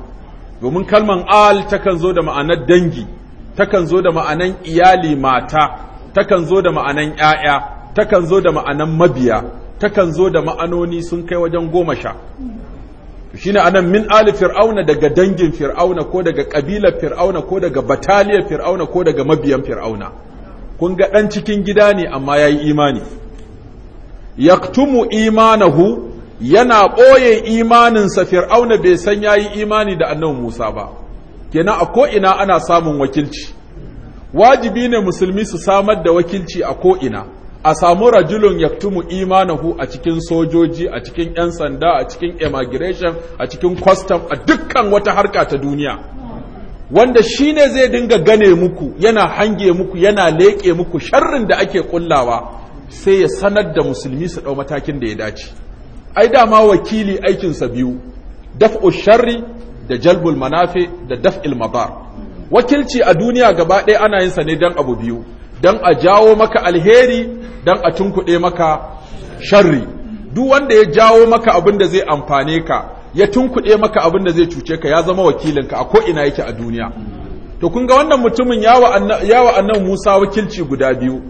domin kalman al takan zo da ma'anar dangi takan zo da ma'anar iyali mata takan zo da ma'anan ‘ya'ya, takan zo da ma'anan mabiya, takan zo da ma'anoni sun kai wajen goma sha. Shi ne anan min ali fir'auna daga dangin fir'auna ko daga ƙabilar fir'auna ko daga bataliyar fir'auna ko daga mabiyan fir'auna. Kun ga ɗan cikin gida ne amma ya yi imani. Yaktumu imanahu yana ɓoye imaninsa fir'auna bai san ya yi imani da annabi Musa ba. Kenan a ko ina ana samun wakilci. wajibi ne musulmi su samar da wakilci a ko'ina a samu rajulun yaktumu imanahu a cikin sojoji a cikin 'yan sanda a cikin immigration a cikin custom a dukkan wata harka ta duniya wanda shi ne zai dinga gane muku yana hange muku yana leƙe muku sharrin da ake kullawa sai ya sanar da musulmi su ɗau matakin da ya dace ai dama wakili aikinsa biyu daf'u sharri da jalbul manafe da daf'il mabar wakilci a duniya gaba ɗaya ana yin sa ne dan abu biyu dan a jawo maka alheri dan a tunkuɗe maka sharri duk wanda ya jawo maka abin da zai amfane ka ya tunkuɗe maka abin da zai cuce ka ya zama wakilin ka a ko ina yake a duniya to kun ga wannan mutumin yawa annabi musa wakilci guda biyu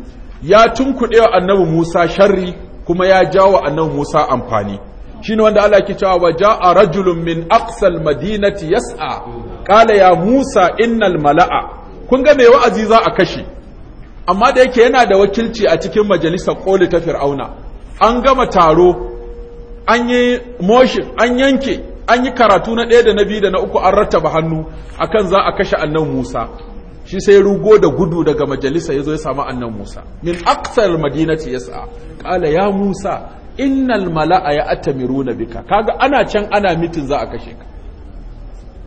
ya tunkuɗe wa annabi musa sharri kuma ya jawo annabi musa amfani Shin wanda Allah ke cewa a rajulun min aqsal madinati yas'a qala ya Musa innal mala'a kun ga mai wa'azi za a kashe amma da yake yana da wakilci a cikin majalisar koli ta Fir'auna an gama taro an yi motion an yanke an yi karatu na ɗaya da na biyu da na uku an rattaba hannu akan za a kashe annan Musa shi sai rugo da gudu daga majalisa ya zo ya samu annan Musa min aqsal madinati yas'a qala ya Musa innal mala'a ya na bika kaga ana can ana mitin za a kashe ka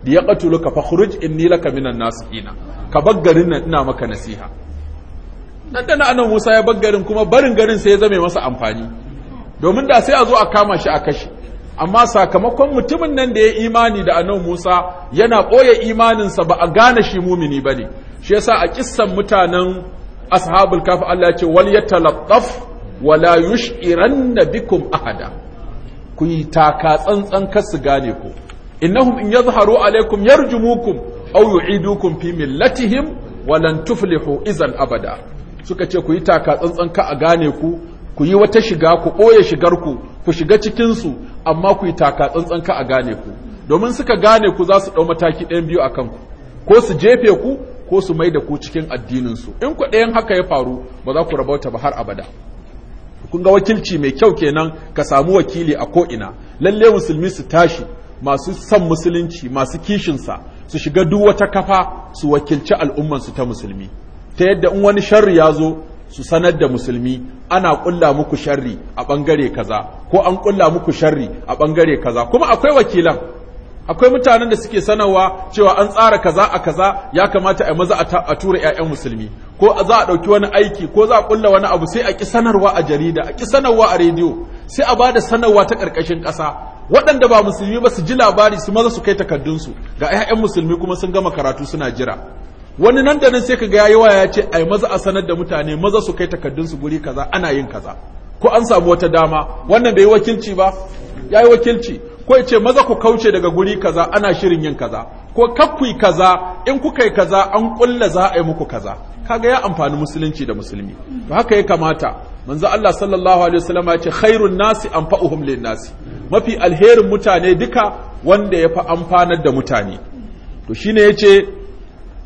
da ya qatuluka fakhruj inni laka minan nasihina ka baggarin nan ina maka nasiha dan dana anan Musa ya bar garin kuma barin garin sai ya zame masa amfani domin da sai a zo a kama shi a kashe amma sakamakon mutumin nan da ya imani da anan Musa yana ɓoye imaninsa ba a gane shi mumini ba ne shi yasa a kissan mutanen ashabul kafi Allah ce wal yatalattaf wala yush'iranna bikum ahada ku yi taka tsantsan kar su gane ku innahum in yazharu alaikum yarjumukum aw yu'idukum fi millatihim walan tuflihu izan abada suka ce ku yi taka tsantsan ka a gane ku ku yi wata shiga ku ɓoye shigar ku Ku shiga cikinsu amma ku yi taka tsantsan ka a gane ku domin suka gane ku za su dau mataki ɗayan biyu akan ku ko su jefe ku ko su mai da ku cikin addininsu in ku ɗayan haka ya faru ba za ku rabauta ba har abada kun ga wakilci mai kyau kenan ka samu wakili a ko'ina lalle musulmi su tashi masu son musulunci masu kishinsa su shiga duk wata kafa su wakilci al'ummansu ta musulmi ta yadda in wani sharri ya zo su sanar da musulmi ana kulla muku sharri a bangare kaza ko an kulla muku sharri a bangare kaza kuma akwai wakilan akwai mutanen da suke sanarwa cewa an tsara kaza a kaza ya kamata a maza a tura ƴaƴan musulmi ko za a ɗauki wani aiki ko za a ƙulla wani abu sai a ƙi sanarwa a jarida a ƙi sanarwa a rediyo sai a bada sanarwa ta ƙarƙashin ƙasa waɗanda ba musulmi ba su ji labari su maza su kai takardunsu ga ƴaƴan musulmi kuma sun gama karatu suna jira wani nan da nan sai kaga yayi waya ya ce ai maza a sanar da mutane maza su kai takardunsu guri kaza ana yin kaza ko an samu wata dama wannan bai yi wakilci ba yayi wakilci ko ce maza ku kauce daga guri kaza ana shirin yin kaza ko kakkui kaza in kuka yi kaza an kulla za a yi muku kaza kaga ya amfani musulunci da musulmi to haka ya kamata manzo Allah sallallahu alaihi wasallam ya ce khairun nasi anfa'uhum lin nasi mafi alherin mutane duka wanda ya fi amfanar da mutane to shine yace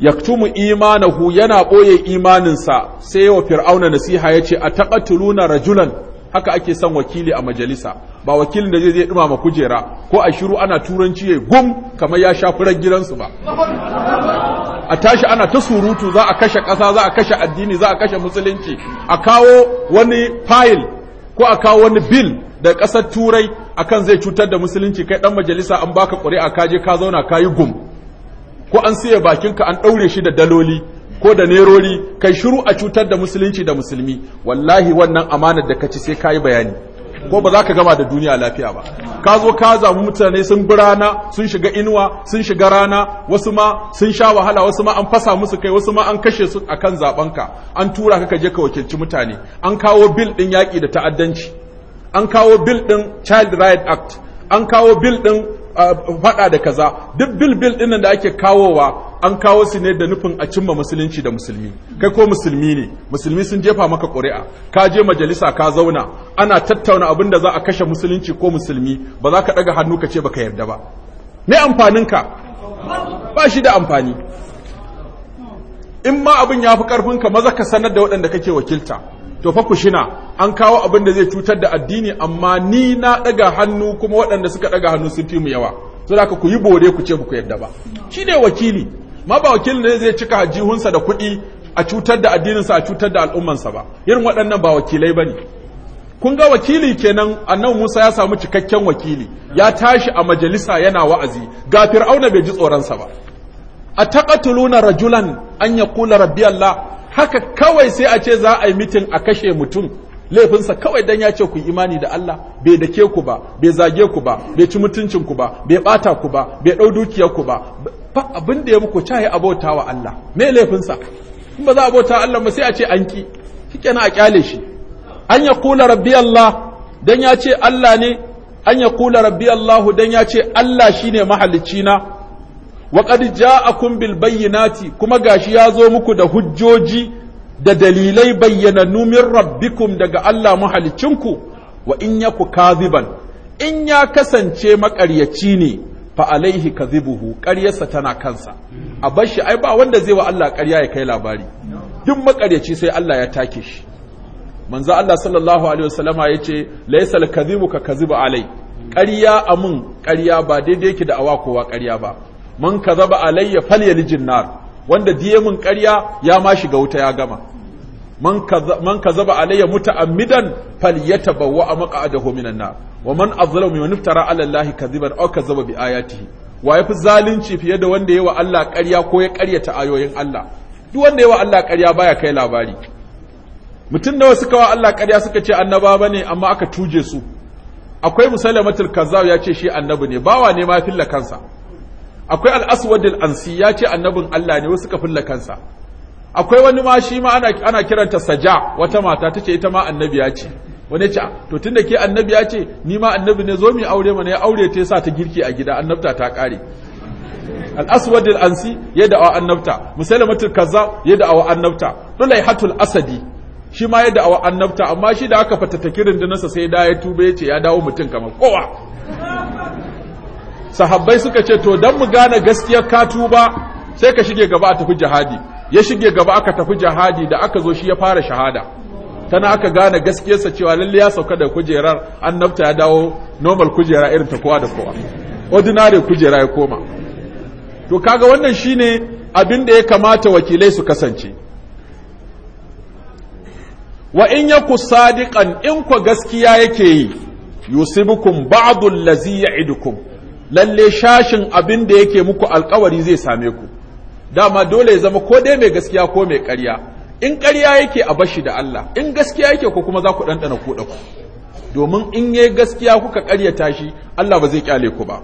yaktumu imanahu yana boye imaninsa sai wa fir'auna nasiha ya yace ataqatuluna rajulan haka ake son wakili a majalisa ba wakilin da zai je dumama kujera ko a shiru ana turanci ya gum kamar ya sha furar gidansu ba a tashi ana ta surutu za a kashe ƙasa za a kashe addini za a kashe musulunci a kawo wani fayil ko a kawo wani bil da ƙasar turai a kan zai cutar da musulunci kai ɗan majalisa an baka ƙuri'a a kaje ka zauna ka yi gum ko an siya bakinka an ɗaure shi da daloli ko da nerori kai shiru a cutar da musulunci da musulmi wallahi wannan amanar da ka ci sai ka yi bayani ko ba za ka gama da duniya lafiya ba ka zo ka zamu mutane sun birana sun shiga inuwa sun shiga rana wasu ma sun sha wahala wasu ma an fasa musu kai wasu ma an kashe su akan zaben ka an tura ka ka ka wakilci mutane an kawo bill din yaki da ta'addanci an kawo bill din child right act an kawo bill din ah, fada da kaza duk bill bill din da ake kawowa an kawo su ne da nufin a cimma musulunci da musulmi kai ko musulmi ne musulmi sun jefa maka ƙuri'a ka je majalisa ka zauna ana tattauna abin da za a kashe musulunci ko musulmi ba za ka ɗaga hannu ka ce baka yarda ba me amfaninka ba shi da amfani in ma abin ya fi ƙarfinka maza ka sanar da waɗanda kake wakilta to fa ku shina an kawo abin da zai cutar da addini amma ni na ɗaga hannu kuma waɗanda suka ɗaga hannu sun fi mu yawa so da ku yi bore ku ce ku yarda ba shi ne wakili mabawakil ne zai cika jihunsa da kuɗi a cutar da addininsa a cutar da al'ummansa ba irin waɗannan ba wakilai ba ne kun ga wakili kenan nan Musa ya samu cikakken wakili ya tashi a majalisa yana wa'azi ga fir'auna bai ji tsoronsa ba a taqatuluna rajulan an yaqula rabbi Allah haka kawai sai a ce za a yi mitin a kashe mutum laifinsa kawai dan ya ce ku imani da Allah bai dake ku ba bai zage ku ba bai ci mutuncin ku ba bai bata ku ba bai ɗau dukiyar ku ba Fa abin da ya muku caye abota wa Allah me laifinsa in ba za a Allah ba sai a ce an ki kike na a kyale shi an ya kula rabbi Allah dan ya ce Allah ne an ya kula rabbi Allah dan ya ce Allah shine mahalicci na wa qad ja'akum bil bayyinati kuma gashi ya zo muku da hujjoji da dalilai bayyana min rabbikum daga Allah mahalicinku wa in yaku kadhiban in ya kasance maƙaryaci ne fa alaihi kadhibuhu ƙaryarsa tana kansa a bar shi ai ba wanda zai wa Allah ƙarya ya kai labari duk makaryaci sai Allah ya take shi manzo Allah sallallahu alaihi wasallama yace laysa al-kadhibu ka kadhibu alai ƙarya mun ƙarya ba daidai yake da awa kowa ƙarya ba man kadhaba alayya falyalijin nar wanda diye mun ƙarya ya ma shiga wuta ya gama man kazaba alayya muta'ammidan falyatabawwa maq'adahu minan nar wa man azlamu mimman iftara ala allahi kadhiban aw kazaba bi ayatihi wa yafi zalunci fiye da wanda yawa wa Allah ƙarya ko ya ƙaryata ayoyin Allah duk wanda yawa wa Allah ƙarya baya kai labari mutum nawa suka wa Allah ƙarya suka ce annaba bane amma aka tuje su akwai musalamatul kazzab ya ce shi annabi ne bawa ne ma filla kansa akwai al aswadul ansi ya ce annabin Allah ne wasu ka filla kansa akwai wani ma shi ma ana, kiranta saja wata mata ta ce ita ma annabiya ce wani ce ah, to tun da ke annabiya ce ni ma annabi ne zo mu aure mana ya aure ta sa ta girki a gida annabta ta kare al-aswad al-ansi ya da'a annabta musailamatul kaza ya da'awa annabta dulaihatul asadi shi ma ya da'awa annabta amma shi da aka fatata rundunarsa sai da ya tuba ya ce ya dawo mutum kamar kowa sahabbai suka ce to dan mu gane gaskiyar ka tuba sai ka shige gaba a tafi jihadi ya shige gaba aka tafi jihadi da aka zo shi ya fara shahada tana aka gane gaskiyarsa cewa lalle ya sauka da kujerar annabta ya dawo normal kujera irin ta kowa da kowa ordinary kujera ya koma to kaga wannan shine abin da ya kamata wakilai su kasance wa in yaku sadiqan in ku gaskiya yake yi yusibukum ba'dul ladhi ya'idukum lalle shashin abin da yake muku alkawari zai same ku dama dole ya zama ko dai mai gaskiya ko mai ƙarya in ƙarya yake a bashi da Allah in gaskiya yake ko kuma za ku ɗanɗana ku ɗaku domin in yayi gaskiya kuka ƙaryata shi Allah ba zai ƙyale ku ba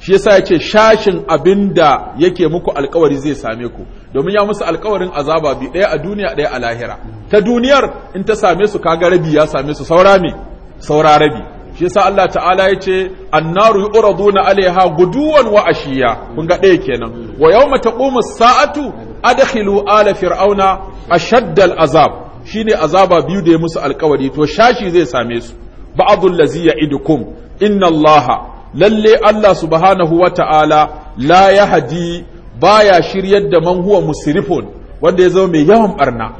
shi yasa ya ce shashin abin da yake muku alkawari zai same ku domin ya musu alkawarin azaba bi ɗaya a duniya ɗaya a lahira ta duniyar in ta same su kaga rabi ya same su saura me saura rabi shi yasa Allah ta'ala ya ce annaru yuraduna alaiha guduwan wa ashiya kun ga ɗaya kenan wa mata taqumu sa'atu adahilu ala fir'auna ashadda azab shine azaba biyu da ya musu alkawari to shashi zai same su ba'dul ladzi ya'idukum inna Allah lalle Allah subhanahu wa ta'ala la yahdi baya shiryar da man huwa musrifun wanda ya zama mai yawan barna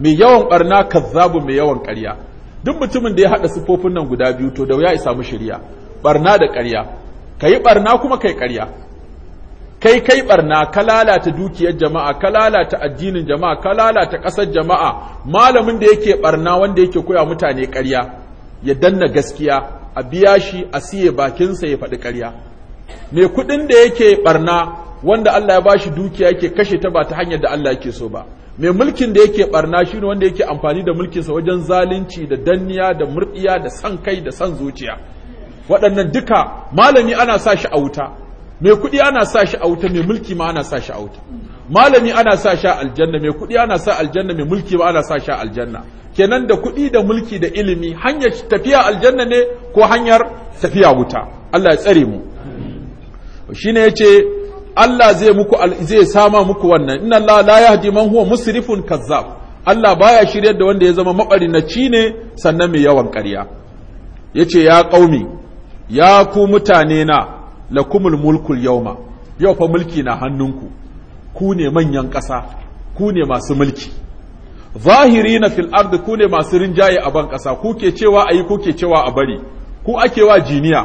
mai yawan barna kazzabu mai yawan ƙarya duk mutumin da ya haɗa sufofin nan guda biyu to da wuya ya samu shirya barna da ƙarya ka yi barna kuma kai ƙarya kai kai barna ka lalata dukiyar jama'a ka lalata addinin jama'a ka lalata ƙasar jama'a malamin da yake barna wanda yake koya mutane ƙarya ya danna gaskiya a biya shi a siye bakinsa ya faɗi ƙarya mai kuɗin da yake barna wanda Allah ya bashi dukiya yake kashe ta ba ta hanyar da Allah yake so ba mai mulkin da yake barna shi ne wanda yake amfani da mulkinsa wajen zalunci da danniya da murdiya da san kai da san zuciya waɗannan duka malami ana sa shi a wuta mai kuɗi ana sa shi a wuta mai mulki ma ana sa shi a wuta malami ana sa shi a aljanna mai kuɗi ana sa aljanna mai mulki ma ana sa shi a aljanna kenan da kuɗi da mulki da ilimi hanyar tafiya aljanna ne ko hanyar tafiya wuta Allah ya tsare mu shine yace Allah zai muku zai sama muku wannan inna Allah la yahdi man huwa musrifun kazzab Allah baya shiryar da wanda ya zama ci ne sannan mai yawan ƙarya yace ya qaumi ya ku mutane na lakumul mulkul yawma yau fa mulki na hannunku ku ne manyan ƙasa ku ne masu mulki zahiri na fil ard ku ne masu rinjaye a ban ƙasa ku ke cewa ayi ku ke cewa a bari ku ake wa jiniya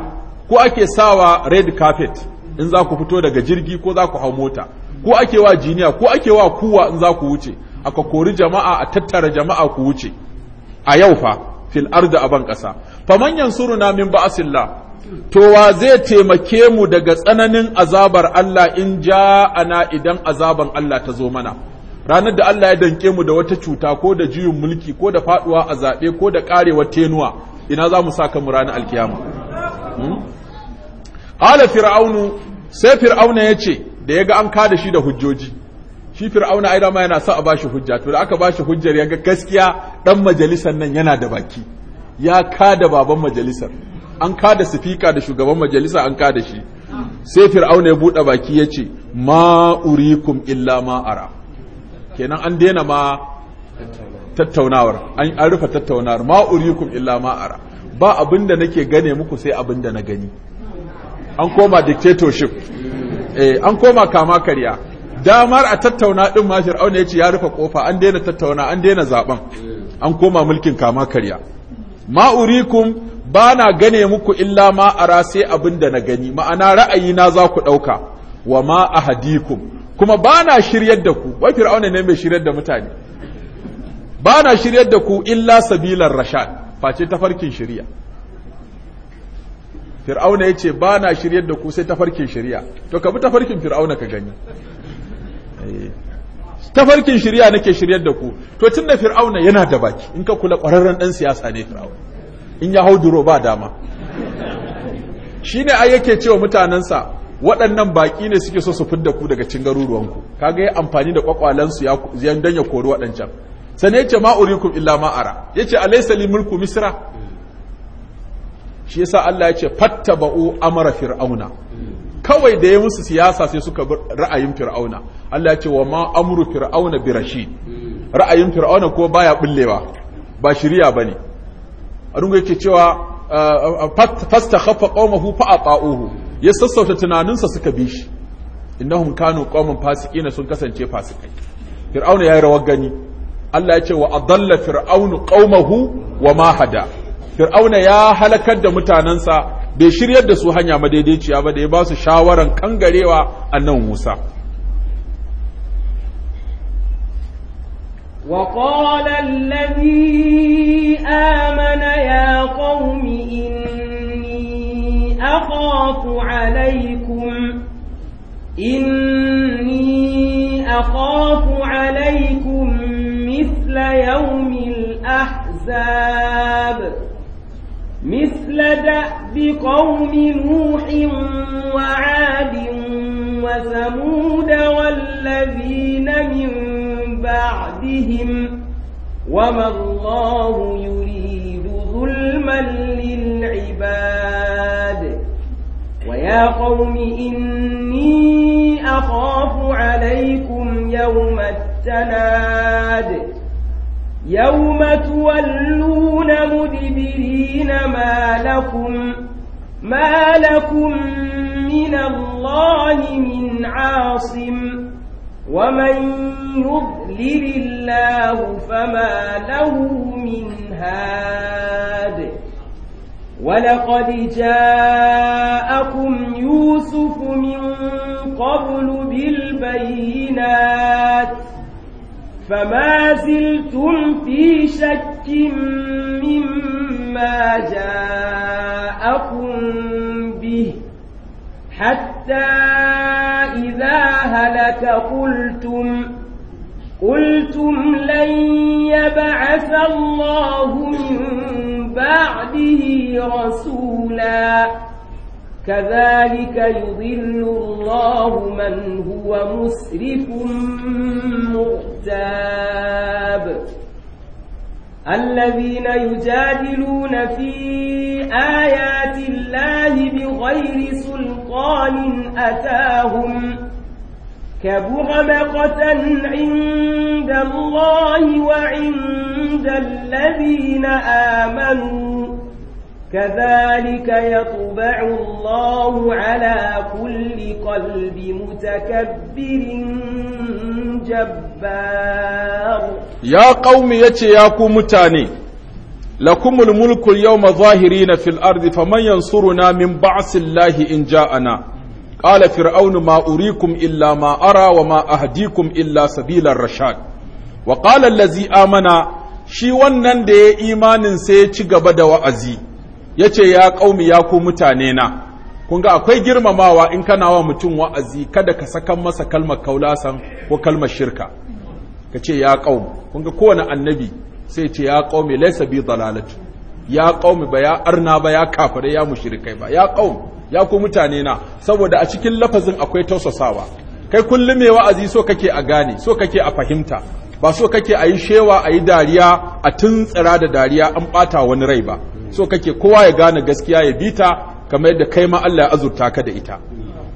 ku ake sawa red carpet in za ku fito daga jirgi ko za ku hau mota ko ake wa jiniya ko ake wa kuwa in za ku wuce aka kori jama'a a tattara jama'a ku wuce a yau fa fil arda a ban ƙasa manyan suruna min ba'asillah to wa zai taimake mu daga tsananin azabar Allah in ja ana idan azaban Allah ta zo mana ranar da Allah ya danke mu da wata cuta ko da juyin mulki ko da faduwa a zaɓe ko da ƙarewa tenuwa ina za mu sa kanmu ranar alkiyama hmm? qala fir'aunu sai fir'auna ya ce da ya ga an kada shi da hujjoji shi fir'auna ai dama yana sa a shi hujja to da aka bashi hujjar ya ga gaskiya ɗan majalisar nan yana da baki ya kada baban majalisar an kada sifika da shugaban majalisa an kada shi sai fir'auna ya buɗe baki yace ma urikum illa ma ara kenan an daina ma tattaunawar an rufe tattaunawar ma urikum illa ma ara ba abinda nake gane muku sai abinda na gani an koma dictatorship eh an koma kama karya damar a tattauna din ma fir'auna yace ya rufe kofa an daina tattauna an daina zaben an koma mulkin kama karya ma urikum na gane muku illa ma ara sai abinda na gani ma'ana ra'ayi na za ku dauka wa ma ahadikum kuma na shiryar da ku wai fir'auna ne mai shiryar da mutane Ba na shiryar da ku illa sabilar rashad face tafarkin shiriya fir'auna ya ce ba na shiryar da ku sai tafarkin shirya to ka bi tafarkin fir'auna ka gani eh, tafarkin shirya nake shiryar da ku to tun da fir'auna yana da baki in ka kula ƙwararren ɗan siyasa ne fir'auna in ya hau duro ba dama shi ne ai yake cewa mutanensa waɗannan baƙi ne suke so su fidda ku daga cin garuruwanku kaga ya amfani da ƙwaƙwalansu ya ya kori waɗancan sane ya ce ma illa ma'ara ya ce alaisa li mulku misra shi yasa Allah ya ce fattaba'u amara fir'auna kawai da ya musu siyasa sai suka bi ra'ayin fir'auna Allah ya ce wa ma amru fir'auna bi rashid ra'ayin fir'auna ko baya bullewa ba shiriya bane arunga yake cewa ah, fastakhaffa qaumahu fa ata'uhu ya sassauta tunaninsa suka bi shi innahum kanu qauman fasiqina sun kasance fasikai fir'auna yi rawar gani Allah ya ce wa adalla fir'aunu qaumahu wa ma hada fir'auna ya halakar da mutanensa bai shiryar da su hanya madaidaiciya ba da ya ba su shawaran kangarewa nan musa وقال الذي آمن يا قوم إني أخاف عليكم إني أخاف عليكم مثل يوم الأحزاب مثل دأب قوم نوح وعاد وثمود والذين من بعدهم وما الله يريد ظلما للعباد ويا قوم إني أخاف عليكم يوم التناد يوم تولون مدبرين ما لكم ما لكم من الله من عاصم ومن يضلل الله فما له من هاد ولقد جاءكم يوسف من قبل بالبينات فما زلتم في شك مما جاءكم به حتى إذا هلك قلتم قلتم لن يبعث الله من بعده رسولاً كذلك يضل الله من هو مسرف مرتاب الذين يجادلون في آيات الله بغير سلطان أتاهم كبر مقتا عند الله وعند الذين آمنوا كذلك يطبع الله على كل قلب متكبر جبار يا قوم يتي يا كومتاني لكم الملك اليوم ظاهرين في الأرض فمن ينصرنا من بعث الله إن جاءنا قال فرعون ما أريكم إلا ما أرى وما أهديكم إلا سبيل الرشاد وقال الذي آمن شي wannan da ya imanin sai ya ci gaba da wa'azi ya ce ya ƙaumi ya ku mutane na kun ga akwai girmamawa in kana wa mutum wa'azi kada ka sakan masa kalmar kaulasan ko kalmar shirka ka ce ya ƙaumi kun ga kowane annabi sai ce ya ƙaumi laisa bi dalalatu ya ƙaumi ba ya arna ba ya kafare ya mushrikai ba ya ƙaumi ya ku mutane na saboda a cikin lafazin akwai tausasawa kai kullum mai wa'azi so kake a gane so kake a fahimta ba so kake a yi shewa a yi dariya a tuntsira da dariya an ɓata wani rai ba so kake kowa ya gane gaskiya ya bi ta kamar yadda kai ma Allah ya azurta ka da ita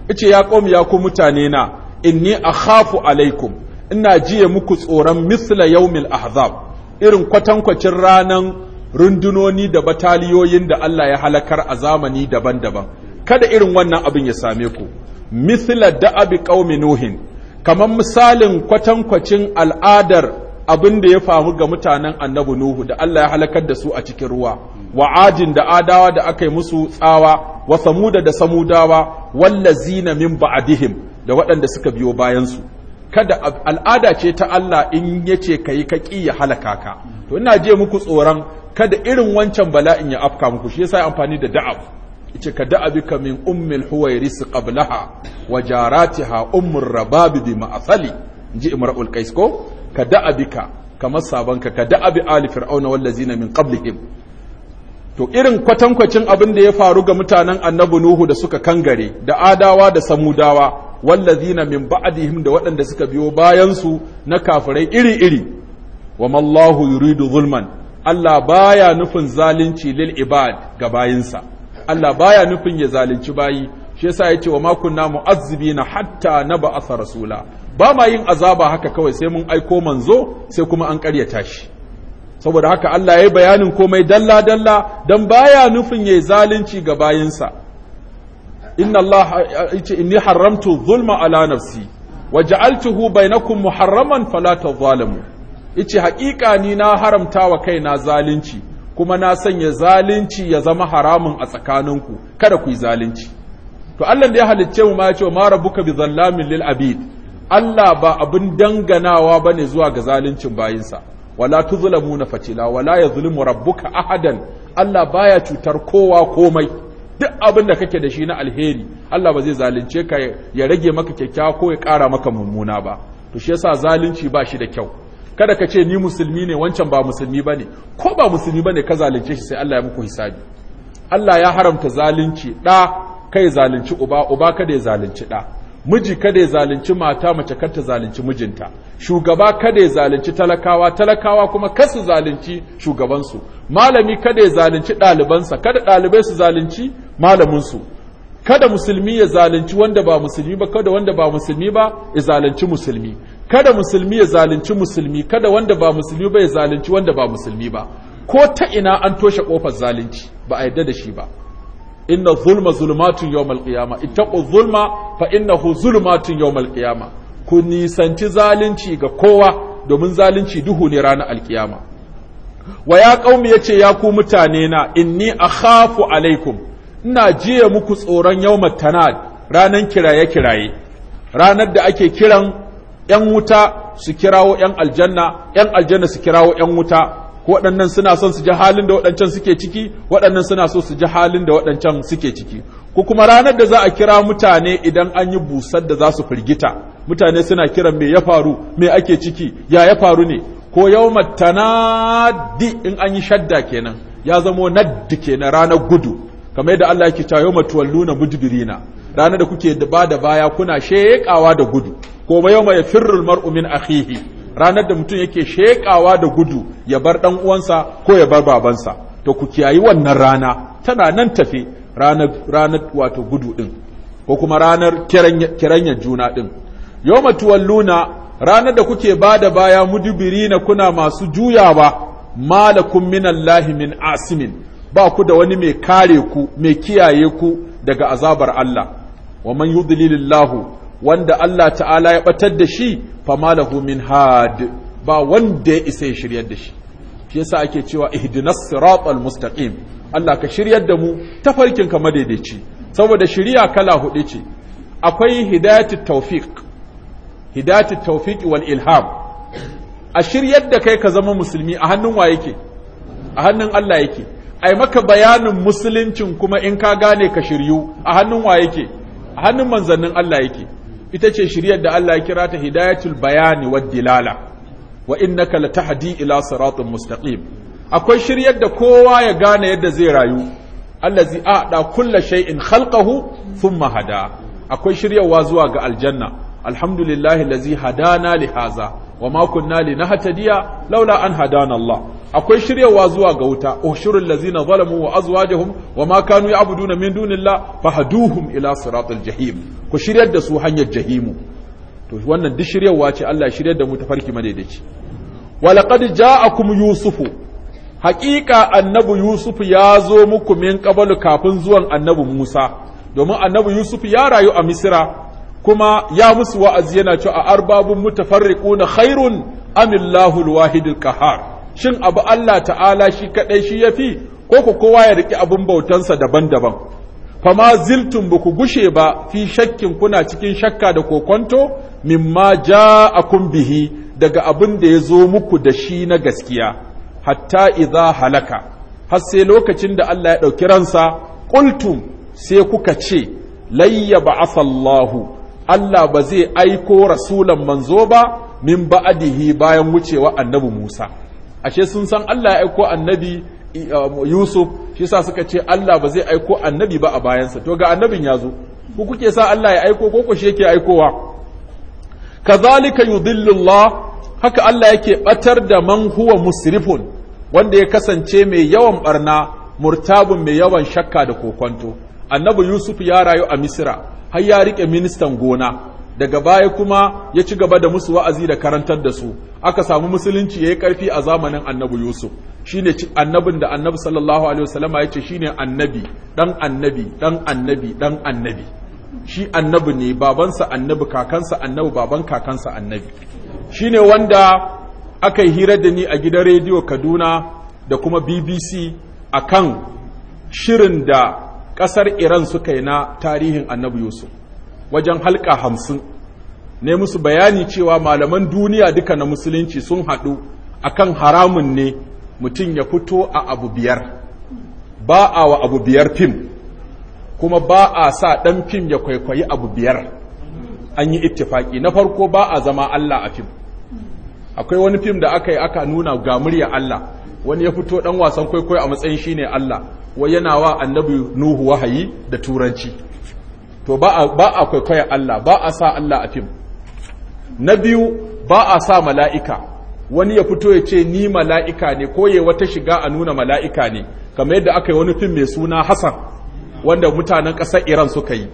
ice ya qaumi ya ku mutane na inni akhafu alaikum ina jiye muku tsoron misla yaumil ahzab irin kwatankwacin ranan rundunoni da bataliyoyin da Allah ya halakar a zamani daban-daban kada irin wannan abin ya same ku misla da'abi qaumi nuhin kamar misalin kwatankwacin al'adar abin da ya faru ga mutanen annabi Nuhu da Allah ya halakar da su a cikin ruwa wa ajin da adawa da aka yi musu tsawa wa samuda da samudawa wallazina min ba'dihim da waɗanda suka biyo bayansu kada al'ada ce ta Allah in yace kai ka ki ya halaka ka to ina je muku tsoron kada irin wancan bala'in ya afka muku shi yasa amfani da da'ab yace ka da'abika min ummil huwairis qablaha wa jaratiha ummur rabab bi ma'asali inji imra'ul qais ko ka da'abika kamar sabanka ka da'abi ali fir'auna wallazina min qablihim to irin kwatankwacin abin da ya faru ga mutanen annabi nuhu da suka kangare da adawa da samudawa wallazina min ba'dihim da waɗanda suka biyo bayansu na kafirai iri-iri wa mallahu yuridu zulman Allah baya nufin zalunci lil ibad ga bayinsa Allah baya nufin ya zalunci bayi shi yasa yace wa ma kunna mu'azzibina hatta na ba'asa rasula ba ma yin azaba haka kawai sai mun aiko manzo sai kuma an ƙaryata shi saboda haka Allah ya yi bayanin komai dalla dalla don baya nufin yayi zalunci ga bayinsa inna Allah yace inni haramtu zulma ala nafsi ja'altuhu bainakum muharraman fala tadhalimu yace haƙiƙa ni na haramta wa kaina zalunci kuma na sanya zalunci ya zama haramun a tsakaninku kada ku yi zalunci to Allah da ya halicce mu ma ya ce ma rabbuka bi zallamin lil abid Allah ba abin danganawa bane zuwa ga zaluncin bayinsa wala tuzlamuna fatila wala yazlimu rabbuka ahadan Allah baya cutar kowa komai duk abin da kake da shi na alheri Allah ba zai zalunce ka ya rage maka kyakkyawa ko ya kara maka mummuna ba to shi yasa zalunci ba shi da kyau kada ka ce ni musulmi ne wancan ba musulmi bane ko ba musulmi bane ka zalunce shi sai Allah ya muku hisabi Allah ya haramta zalunci da kai zalunci uba uba kada ya zalunci da miji kada ya zalunci mata mace kar ta zalunci mijinta shugaba kada ya zalunci talakawa talakawa kuma kar su zalunci shugabansu malami kada ya zalunci ɗalibansa kada ɗalibai su zalunci malaminsu kada musulmi ya zalunci wanda ba musulmi ba kada wanda ba musulmi ba ya zalunci musulmi kada musulmi ya zalunci musulmi kada wanda ba musulmi ba ya zalunci wanda ba musulmi ba ko ta ina an toshe kofar zalunci ba a yadda da shi ba inna zulma zulmatun yawmal qiyama ittaqu zulma fa innahu zulmatun yawmal qiyama ku nisanci zalunci ga kowa domin zalunci duhu ne ranar alkiyama wa ya qaumi yace ya ku mutane na inni akhafu alaikum ina jiya muku tsoron yawmat tanad ranan kiraye kiraye ranar da ake kiran yan wuta su kirawo yan aljanna yan aljanna su kirawo yan wuta waɗannan suna son su ji halin da waɗancan suke ciki waɗannan suna so su ji halin da waɗancan suke ciki ko kuma ranar da za a kira mutane idan an yi busar da za su firgita mutane suna kiran me ya faru me ake ciki ya ya faru ne ko yau di in an yi shadda kenan ya zamo naddi kenan ranar gudu kamar yadda Allah yake cewa yawma tuwalluna mudbirina ranar da kuke da baya kuna sheƙawa da gudu ko yawma yafirrul mar'u min akhihi ranar da mutum yake shekawa da gudu ya bar ɗan uwansa ko ya bar babansa to ku kiyayi wannan rana tana nan tafe ranar wato gudu din ko kuma ranar kiranya juna din yawma luna ranar da kuke bada baya na kuna masu juyawa malakum minallahi min asimin ba ku da wani mai kare ku mai kiyaye ku daga azabar Allah wa man yudlilillahu wanda Allah ta'ala ya batar da shi fa lahu min had ba wanda ya isa ya shiryar da shi shi yasa ake cewa ihdinas siratal mustaqim Allah ka shiryar da mu tafarkin ka madaidaici saboda shiriya kala hudu ce akwai hidayatut tawfiq hidayatut tawfiq wal ilham a shiryar da kai ka zama musulmi a hannun wa yake a hannun Allah yake ai maka bayanin musuluncin kuma in ka gane ka shiryu a hannun wa yake a hannun manzannin Allah yake ita ce shiryar da Allah ya kira ta hidayatul bayani wad dilala wa innaka latahdi ila siratin mustaqim akwai shiryar da kowa ya gane yadda zai rayu allazi a'da kulla shay'in khalqahu thumma hada akwai shiryarwa zuwa ga aljanna alhamdulillahi allazi hadana li haza wa ma kunna linahtadiya laula an hadana Allah akwai shiryawa zuwa ga wuta ushurul lazina zalamu wa azwajuhum wa ma kanu ya'buduna min dunillah fahduhum ila siratil jahim ku shiryar da su hanyar jahimu to wannan duk shiryawa ce Allah shiryar da mu tafarki madaidaici wa laqad ja'akum yusufu haqiqa annabi yusuf ya zo muku min qabalu kafin zuwan annabi Musa domin annabi yusuf ya rayu a Misra kuma ya musu wa'azi yana cewa arbabun mutafarriquna khairun amillahu alwahidul qahhar shin abu Allah ta'ala shi kadai shi yafi ko ku kowa ya riki abun bautansa daban-daban fama ziltum ba ku gushe ba fi shakkin kuna cikin shakka da kokonto mimma ja'akum bihi daga abin da ya zo muku da shi na gaskiya hatta idza halaka har sai lokacin da Allah ya dauki ransa qultum sai kuka ce layya ba'athallahu Allah ba zai aiko rasulan manzo ba min ba'adihi bayan wucewa annabi Musa ashe sun san Allah ya aiko annabi uh, Yusuf shi sa suka ce Allah ba zai aiko annabi ba a bayansa to ga annabin ya zo ku kuke sa Allah ya aiko ko ku shi yake aikowa kazalika Allah haka Allah yake batar da man huwa musrifun wanda ya kasance mai yawan barna murtabun mai yawan shakka da kokonto annabi Yusuf ya rayu a Misra har ya rike ministan gona daga baya kuma ya ci gaba da musu wa'azi da karantar da su aka samu musulunci yayi karfi a zamanin annabi Yusuf shine annabin da annabi sallallahu alaihi wasallama yace shine annabi dan annabi dan annabi dan annabi shi annabi ne babansa annabi kakansa annabi baban kakansa annabi shine wanda aka yi hira da ni a gidan rediyo Kaduna da kuma BBC a kan shirin da ƙasar Iran suka yi na tarihin annabi Yusuf wajen halka hamsin ne musu bayani cewa malaman duniya duka na musulunci sun haɗu akan haramun ne mutum ya fito a abu biyar ba a wa abu biyar fim kuma ba a sa ɗan fim ya kwaikwayi abu biyar an yi ittifaki na farko ba a zama Allah a fim akwai wani fim da aka yi aka nuna ga murya Allah wani ya fito ɗan wasan kwaikwayo a matsayin shi ne Allah wai yana wa annabi Nuhu wahayi da turanci to ba a kwaikwaya Allah ba a sa Allah a fim na biyu ba a sa mala'ika wani ya fito ya ce ni mala'ika ne ko ya wata shiga a nuna mala'ika ne kamar yadda aka yi wani fim mai suna Hassan wanda mutanen ƙasar Iran suka yi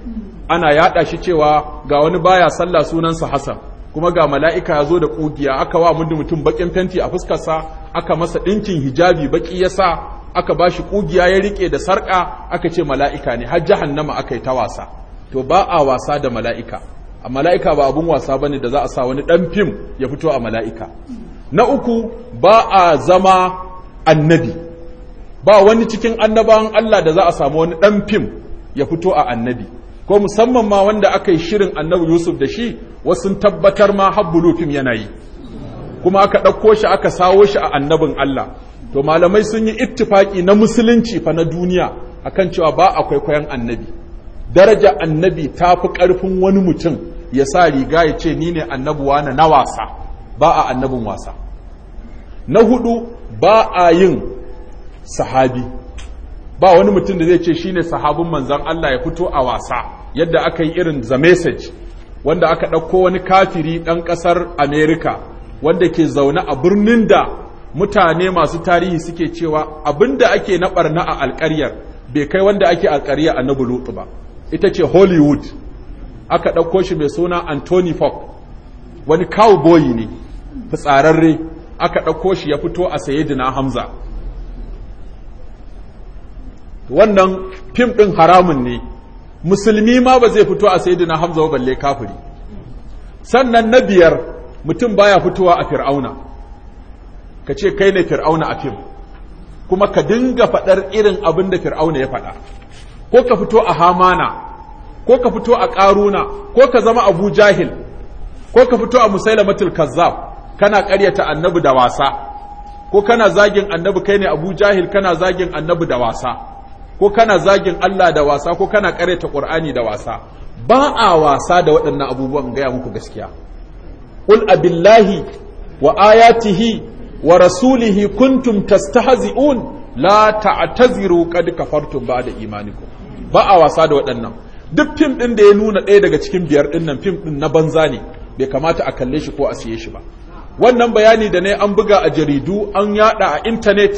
ana yada shi cewa ga wani baya sallah sunansa Hassan kuma ga mala'ika ya zo da ƙugiya aka wa muddin mutum baƙin fenti a fuskarsa aka masa ɗinkin hijabi baƙi ya sa aka ba shi ƙugiya ya riƙe da sarƙa aka ce mala'ika ne har jahannama aka yi ta wasa to ba a wasa da mala'ika a mala'ika ba abin wasa ne da za a sa wani ɗan fim ya fito a mala'ika na uku ba a zama annabi ba wani cikin annabawan Allah da za a samu wani ɗan fim ya fito a annabi ko musamman ma wanda aka yi shirin annabi Yusuf da shi wasu tabbatar ma habbulu fim yana yi kuma aka ɗauko shi aka sawo shi a annabin Allah to malamai sun yi ittifaki na musulunci fa na duniya akan cewa ba a kwaikwayon annabi daraja annabi ta fi ƙarfin wani mutum ya sa riga ya ce ni ne annabuwa na na wasa ba a annabin wasa na hudu ba a yin sahabi ba wani mutum da zai ce shi ne sahabin manzan Allah ya fito a wasa yadda aka yi irin the message wanda aka ɗauko wani kafiri ɗan ƙasar Amerika wanda ke zaune a birnin da mutane masu tarihi suke cewa abinda ake na ɓarna a alƙaryar bai kai wanda ake alƙarya na lutu ba ita ce hollywood aka ɗauko shi mai suna anthony Fock wani cowboy ne fitsararre aka ɗauko shi ya fito a sayidina hamza wannan fim ɗin haramun ne musulmi ma ba zai fito a sayidina hamza balle kafiri sannan na biyar mutum baya fitowa a fir'auna ka ce kai ne fir'auna a fim kuma ka dinga faɗar irin abin da fir'auna ya faɗa ko ka fito a hamana ko ka fito a ƙaruna ko ka zama abu jahil ko ka fito a musailamatul kazzab kana ƙaryata annabi da wasa ko kana zagin annabi kai ne abu jahil kana zagin annabi da wasa ko kana zagin Allah da wasa ko kana ƙaryata ƙur'ani da wasa ba a wasa da waɗannan abubuwan gaya muku gaskiya qul abillahi wa ayatihi wa rasulihi kuntum tastahzi'un la ta'taziru qad kafartum ba'da imanikum ba a wasa da waɗannan duk fim ɗin da ya nuna ɗaya daga cikin biyar ɗin nan fim ɗin na banza ne bai kamata a kalle shi ko a siye shi ba wannan bayani da ne an buga a jaridu an yada a intanet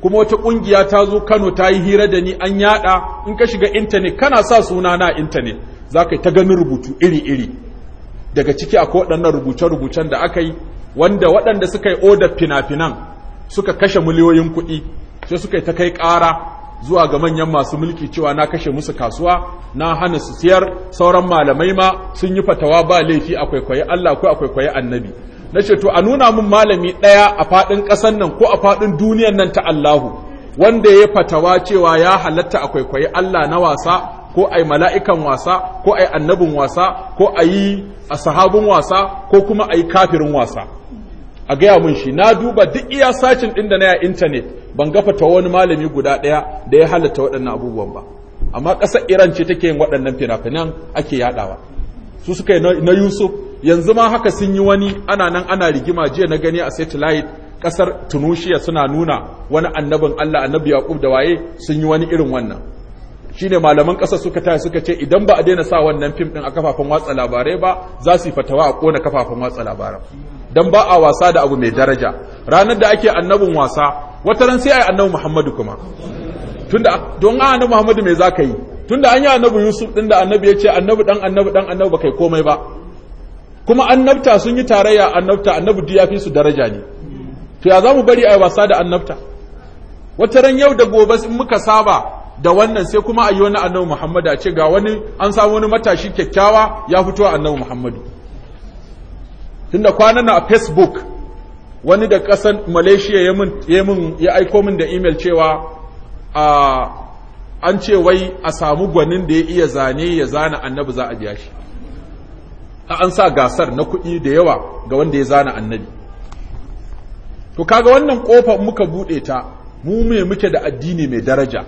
kuma wata ƙungiya ta zo kano ta yi hira da ni an yada in ka shiga intanet kana sa suna na intanet za ka yi ta ganin rubutu iri-iri daga ciki akwai waɗannan rubuce-rubucen da aka yi wanda waɗanda suka yi odar fina-finan suka kashe miliyoyin kuɗi sai suka yi ta kai ƙara zuwa ga manyan masu mulki cewa na kashe musu kasuwa na hana su siyar sauran malamai ma sun yi fatawa ba laifi a kwaikwayi Allah ko a kwaikwayi annabi na ce to a nuna mun malami ɗaya a faɗin ƙasan nan ko a faɗin duniyan nan ta Allahu wanda ya fatawa cewa ya halatta a kwaikwayi Allah na wasa ko ai mala'ikan wasa ko a yi annabin wasa ko a yi sahabin wasa ko kuma a yi kafirin wasa a gaya mun shi na duba duk iya sacin ɗin da na ya intanet ban gafa ta wani malami guda ɗaya da ya halatta waɗannan abubuwan ba amma ƙasar iran ce take yin waɗannan fina-finan ake yaɗawa su suka na yusuf yanzu ma haka sun yi wani ana nan ana rigima jiya na gani a satellite ƙasar tunushiya suna nuna wani annabin allah annabi yaƙub da waye sun yi wani irin wannan shine malaman ƙasar suka taya suka ce idan ba a daina sa wannan fim ɗin a kafafen watsa labarai ba za su yi fatawa a ƙona kafafen watsa labarai dan ba a wasa da abu mai daraja ranar da ake annabin wasa wata ran sai ai annabi Muhammadu kuma tunda don a annabi Muhammadu me ka yi tunda an yi annabi Yusuf din da annabi ya ce annabi dan annabi dan annabi ba kai komai ba kuma annabta sun yi tarayya annabta annabi duk ya fi su daraja ne to ya zamu bari ai wasa da annabta wata ran yau da gobe in muka saba da wannan sai kuma a yi wani annabi Muhammadu a ce ga wani an samu wani matashi kyakkyawa ya fito annabi Muhammadu tunda kwanan na a facebook wani da kasan malaysia ya ya aiko min da email cewa a an ce wai a samu gwanin da ya iya zane ya zana annabi za a biya shi an sa gasar na kuɗi da yawa ga wanda ya zana annabi to kaga wannan kofa muka buɗe ta mu me muke da addini mai daraja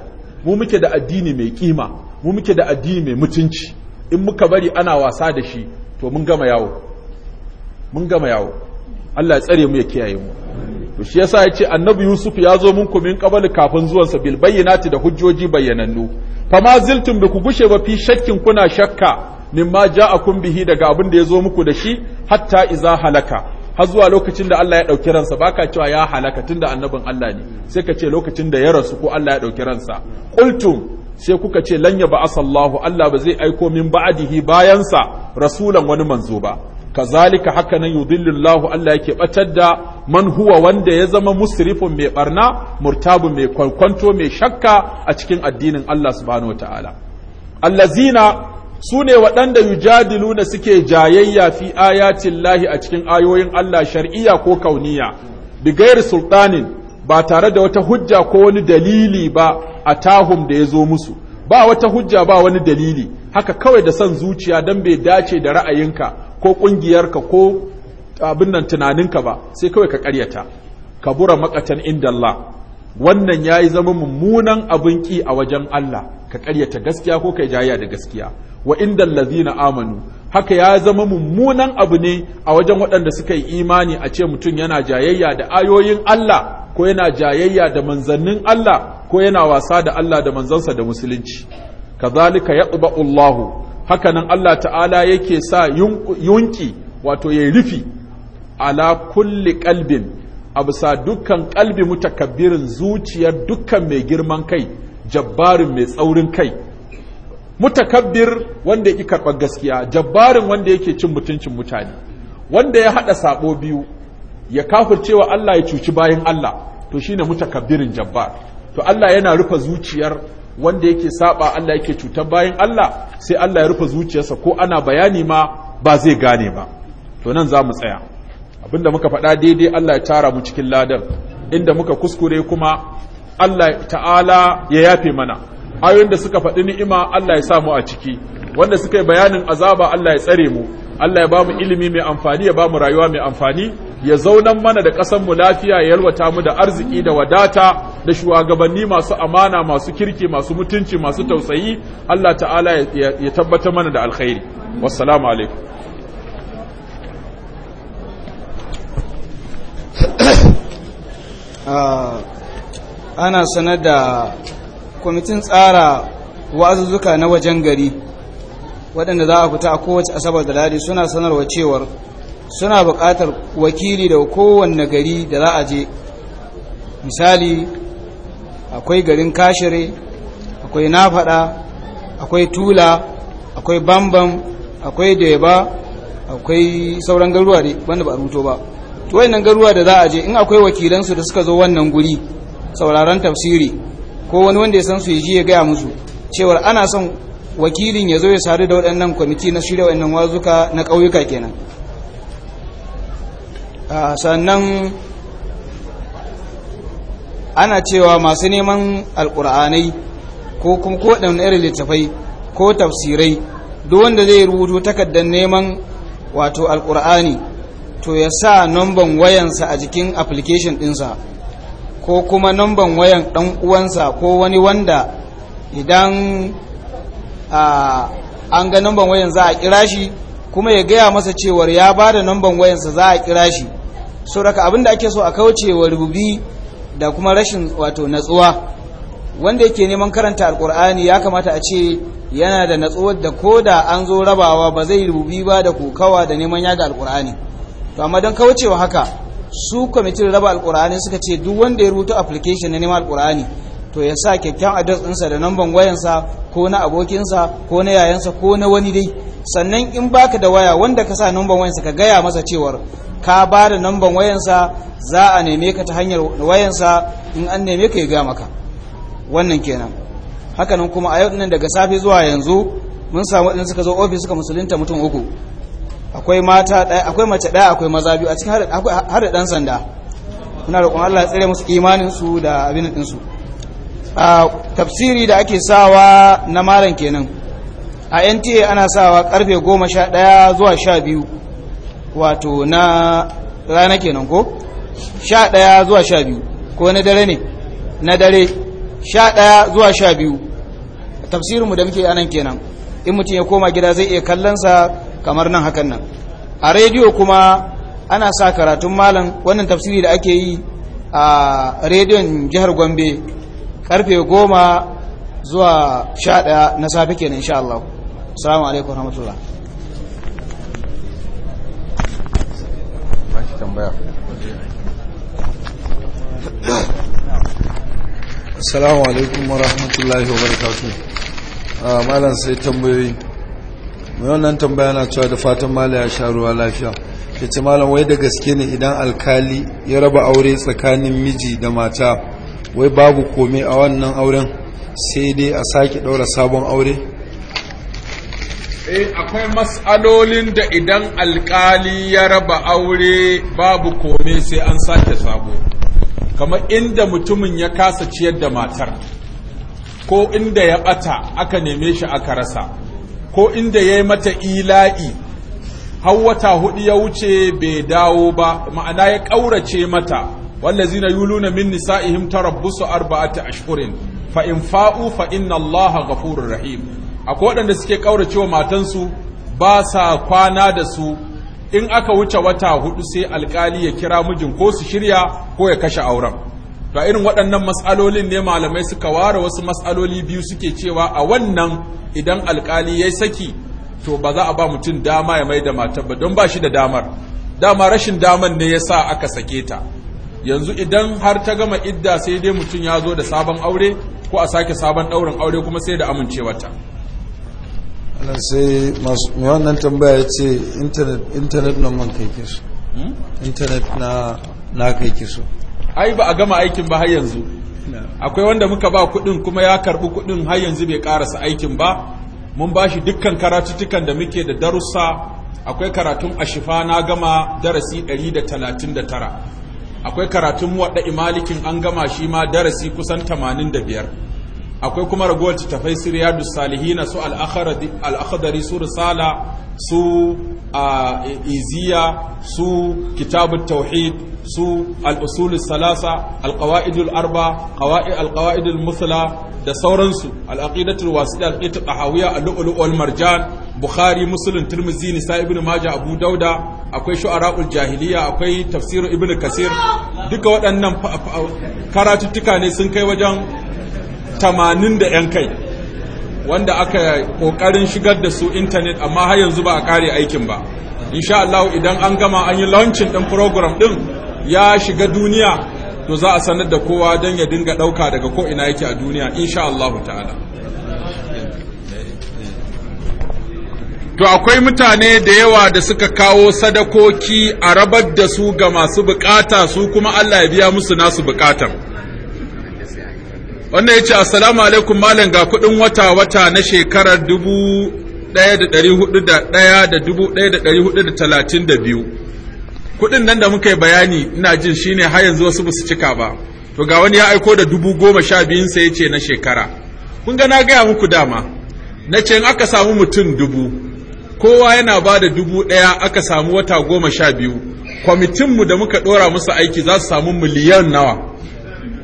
mu muke da addini mai kima mu muke da addini mai mutunci in muka bari ana wasa da shi to mun gama yawo mun gama yawo Allah ya tsare mu ya kiyaye mu to shi yasa yace annabi yusuf ya zo mun min kabali kafin zuwan sa bil bayyinati da hujjoji bayyanannu fa ma ziltum bi ku gushe ba fi shakkin kuna shakka ma ja'akum bihi daga abin da ya zo muku da shi hatta iza halaka har zuwa lokacin da Allah ya ɗauki ransa baka cewa ya halaka tunda annabin Allah ne sai ka ce lokacin da ya rasu ko Allah ya ɗauki ransa qultum sai kuka ce lan ya ba'asallahu Allah ba zai aiko min ba'dihi bayansa rasulan wani manzo ba kazalika haka nan yudillillahu Allah yake batar da man huwa wanda ya zama musrifun mai barna murtabu mai kwankwanto mai shakka a cikin addinin Allah subhanahu wataala allazina su ne waɗanda yujadiluna suke jayayya fi ayatin tillahi a cikin ayoyin Allah shar'iyya ko kauniya bigayar sultanin ba tare da wata hujja ko wani dalili ba a tahum da ya zo musu ba wata hujja ba wani dalili haka kawai da son zuciya don bai dace da ra'ayinka ko ƙungiyarka ko abin nan tunaninka ba sai kawai ka ƙaryata ka bura makatan inda Allah wannan ya yi zama mummunan abin ƙi a wajen Allah ka ƙaryata gaskiya ko ka jayya da gaskiya wa inda allazina amanu haka ya zama mummunan abu ne a wajen waɗanda suka yi imani a ce mutum yana jayayya da ayoyin Allah ko yana jayayya da manzannin Allah ko yana wasa da Allah da manzansa da musulunci kazalika yatba'u Allahu Haka nan Allah ta'ala yake sa yunki wato ya rufi ala kulli kalbin a bisa dukkan kalbi mutakabbirin zuciyar dukkan mai girman kai jabbarin mai tsaurin kai mutakabbir wanda yake karɓar gaskiya jabbarin wanda yake cin mutuncin mutane wanda ya haɗa saɓo biyu ya kafircewa Allah ya cuci bayan Allah to shine mutakabbirin jabbar to Allah yana rufe zuciyar wanda yake saba Allah yake cutar bayan Allah sai Allah ya rufe zuciyarsa ko ana bayani ma ba zai gane ba to nan za mu tsaya abinda muka faɗa daidai Allah ya tara mu cikin ladan inda muka kuskure kuma Allah ta'ala ya yafe mana ayoyin da suka faɗi ni'ima Allah ya sa mu a ciki wanda suka yi bayanin azaba Allah ya tsare mu Allah ya ba mu ilimi mai amfani ya ba mu rayuwa mai amfani ya zaunan mana da ƙasar mu lafiya ya yalwata mu da arziki da wadata da shugabanni masu amana masu kirki masu mutunci masu tausayi Allah ta'ala ya tabbata mana da alkhairi wassalamu alaikum [COUGHS] ah, ana sanar da kwamitin tsara wa'azuzzuka na wajen gari waɗanda za a fita a kowace asabar da ladi suna sanarwa cewar suna buƙatar wakili da kowanne gari da za a je misali akwai garin kashire akwai nafada akwai tula akwai bambam akwai deba akwai sauran garuwa ne wanda ba a ba to wayannan garuwa da za a je in akwai wakilansu da suka zo wannan guri sauraron tafsiri ko wani wanda ya san su ji ya gaya musu cewar ana son wakilin ya zo ya sadu da waɗannan kwamiti na shirya waɗannan wazuka na ƙauyuka kenan ah, sannan ana cewa masu neman alkur'anai ko kuma ko waɗanne irin littafai ko tafsirai duk wanda zai rubuto takardar neman wato alkur'ani to ya sa namban wayansa a jikin application ɗinsa ko kuma numban wayan dan uwansa ko wani wanda idan an ga namban wayan za a kira shi kuma ya gaya masa cewar ya ba da namban wayansa za a kira shi so daga abinda ake so a kaucewa rububi da kuma rashin wato natsuwa wanda yake neman karanta alkur'ani ya kamata a ce yana da natsuwar da ko da an zo rabawa ba zai rubi ba da kokawa da neman yaga alkur'ani to amma don kaucewa haka su kwamitin raba alkur'ani suka ce duk wanda ya rubuta application na neman alkur'ani to ya sa kyakkyan adres ɗinsa da namban wayansa ko na abokinsa ko na yayansa ko na wani dai sannan in baka da waya wanda ka sa namban wayansa ka gaya masa cewar ka ba da namban wayansa za a neme ka ta hanyar wayansa in an neme ka ya gaya maka wannan kenan hakanan kuma a yau nan daga safe zuwa yanzu mun samu waɗanda suka zo ofis suka musulunta mutum uku akwai mata ɗaya akwai mace ɗaya akwai maza biyu a cikin har da ɗan sanda muna roƙon Allah ya tsare musu imanin su da abin su tafsiri da ake sawa na malam kenan a nta ana sawa karfe goma sha zuwa sha biyu wato na rana kenan ko sha zuwa sha biyu ko na dare ne na dare sha zuwa sha biyu tafsirinmu da muke anan kenan in mutum ya koma gida zai iya kallonsa kamar nan hakan nan a rediyo kuma ana sa karatun malam wannan tafsiri da ake yi a rediyon jihar gombe karfe goma zuwa sha daya na safe ke insha Allah salamu alaikum rahmatullah salamu alaikum wa rahmatullahi wa barakatu ah, malam sai tambayoyi mai wannan tambaya na cewa da fatan mala ya sha ruwa lafiya ya ce malam wai da gaske ne idan alkali ya raba aure tsakanin miji da mata wai babu komai a wannan auren sai dai a sake ɗaura sabon aure eh akwai matsalolin da idan alkali ya raba aure babu komai sai an sake sabo kamar inda mutumin ya kasa ciyar da matar ko inda ya bata aka neme shi aka rasa ko inda ya yi mata ila'i har wata hudu ya wuce bai dawo ba ma'ana ya ƙaurace mata wallazina yuluna min nisa'ihim tarabbusu arba'ati ashhurin fa in fa'u fa inna Allaha ghafurur rahim akwai waɗanda suke kauracewa matansu ba sa kwana da su in aka wuce wata hudu sai alkali ya kira mijin ko su shirya ko ya kashe auren to irin waɗannan matsalolin ne malamai suka ware wasu matsaloli biyu suke cewa a wannan idan alkali ya saki to ba za a ba mutum dama ya mai da matar ba don ba shi da damar dama rashin daman ne ya sa aka sake ta yanzu idan har ta gama idda sai dai mutum ya zo da sabon aure ko a sake sabon ɗaurin aure kuma sai da amincewarta nan sai mai wannan tambaya ya ce intanet na man kai kisu hmm? intanet na kai kisu ai ba a gama aikin ba har yanzu akwai wanda muka ba kudin kuma ya karbi kudin har yanzu bai karasa aikin ba mun ba shi dukkan karatuttukan da muke da darussa akwai karatun ashifa na gama darasi 139 akwai karatun muwadda'i malikin an gama shi ma darasi kusan 85 akwai kuma ragowar littattafai su salihina su al'akhadari su risala su iziya su kitabun tauhid su al'usulun salasa alƙawa'idul arba alƙawa'idul musula da sauransu al'aƙidatul wasu da alƙitar ɗahawiya al'ulul marjan bukhari musulun turmizi nisa ibn maja abu dauda akwai shu'ara'ul jahiliya akwai tafsirin ibn kasir duka waɗannan karatuttuka ne sun kai wajen tamanin da 'yan kai wanda aka kokarin shigar da su intanet amma har yanzu ba a kare aikin ba insha Allah idan an gama an yi launching ɗin program ɗin ya shiga duniya to za a sanar da kowa don ya dinga ɗauka daga ko ina yake a duniya insha Allah ta'ala to akwai mutane da yawa da suka kawo sadakoki a rabar da su ga masu bukata su kuma Allah ya biya musu nasu bukatar wannan ya ce assalamu alaikum malam ga kudin wata-wata na shekarar 1,400,000 kudin nan da muka yi bayani ina jin shine ne yanzu wasu su su cika ba to ga wani ya aiko da 10,000 sai ya ce na shekara kun ga na gaya muku dama na ce in aka samu mutum dubu kowa yana ba da dubu ɗaya aka samu wata goma sha biyu kwamitinmu da muka ɗora musu aiki za su samu miliyan nawa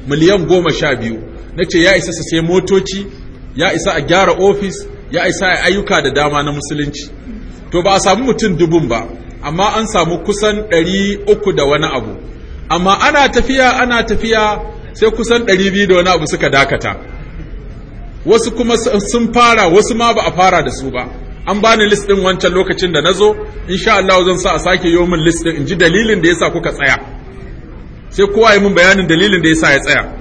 miliyan goma sha biyu na ce ya isa su sai motoci ya isa a gyara ofis ya isa a ayyuka da dama na musulunci to ba a samu mutum dubun ba amma an samu kusan ɗari uku da wani abu amma ana tafiya ana tafiya sai kusan ɗari biyu da wani abu suka dakata wasu kuma sun fara wasu ma ba a fara da su ba an bani list ɗin wancan lokacin da na zo insha Allah zan sa a sake yi min list ɗin in ji dalilin da yasa kuka tsaya sai kowa yi min bayanin dalilin da yasa ya tsaya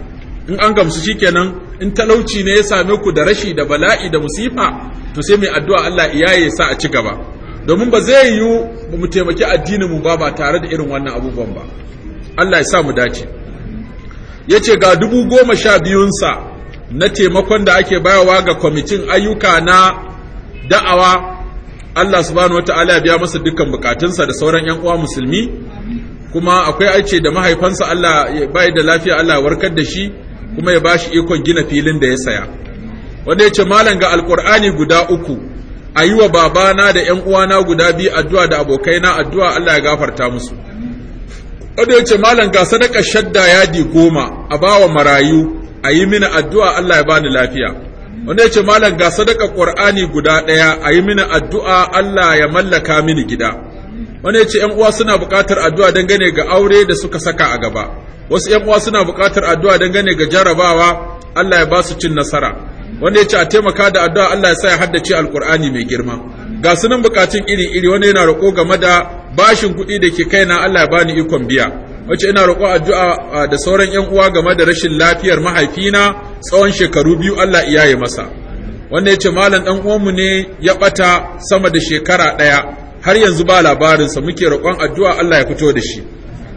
in an gamsu shikenan in talauci ne ya same ku da rashi da bala'i da musifa to sai mai addu'a Allah iyaye sa a ci gaba domin ba zai yiwu mu taimaki addinin mu ba ba tare da irin wannan abubuwan ba Allah ya sa mu dace yace ga dubu goma sha biyunsa na taimakon da ake bayarwa ga kwamitin ayyuka na da'awa Allah subhanahu wata'ala ya biya masa dukkan bukatunsa da sauran yan uwa musulmi kuma akwai aice da mahaifansa Allah bai da lafiya Allah ya warkar da shi kuma ya ba shi ikon gina filin da ya saya wanda ya ce malam ga alkur'ani guda uku a yi wa babana da ‘yan uwana guda biyu addu'a da abokaina addu'a Allah ya gafarta musu wanda ya ce malam ga sadaka shadda yadi goma a ba wa marayu a yi mini addu'a Allah ya bani lafiya wanda ya ce malam ga sadaka ƙur'ani guda ɗaya a yi mini addu'a Allah ya mallaka mini gida wani ya ce ‘yan uwa suna buƙatar addu'a dangane ga aure da suka saka a gaba wasu ‘yan uwa suna buƙatar addu'a dangane ga jarabawa Allah ya ba su cin nasara wani ya ce a taimaka da addu'a Allah ya sa ya haddace alƙur'ani mai girma ga sunan buƙatun iri-iri wani yana roƙo game da bashin kuɗi da ke kaina Allah ya bani ikon biya wacce ina roƙo addu'a da sauran ‘yan uwa game da rashin lafiyar mahaifina tsawon shekaru biyu Allah iyaye masa wanda ya ce malam ɗan uwanmu ne ya ɓata sama da shekara ɗaya har yanzu ba labarinsa muke roƙon addu'a Allah ya fito da shi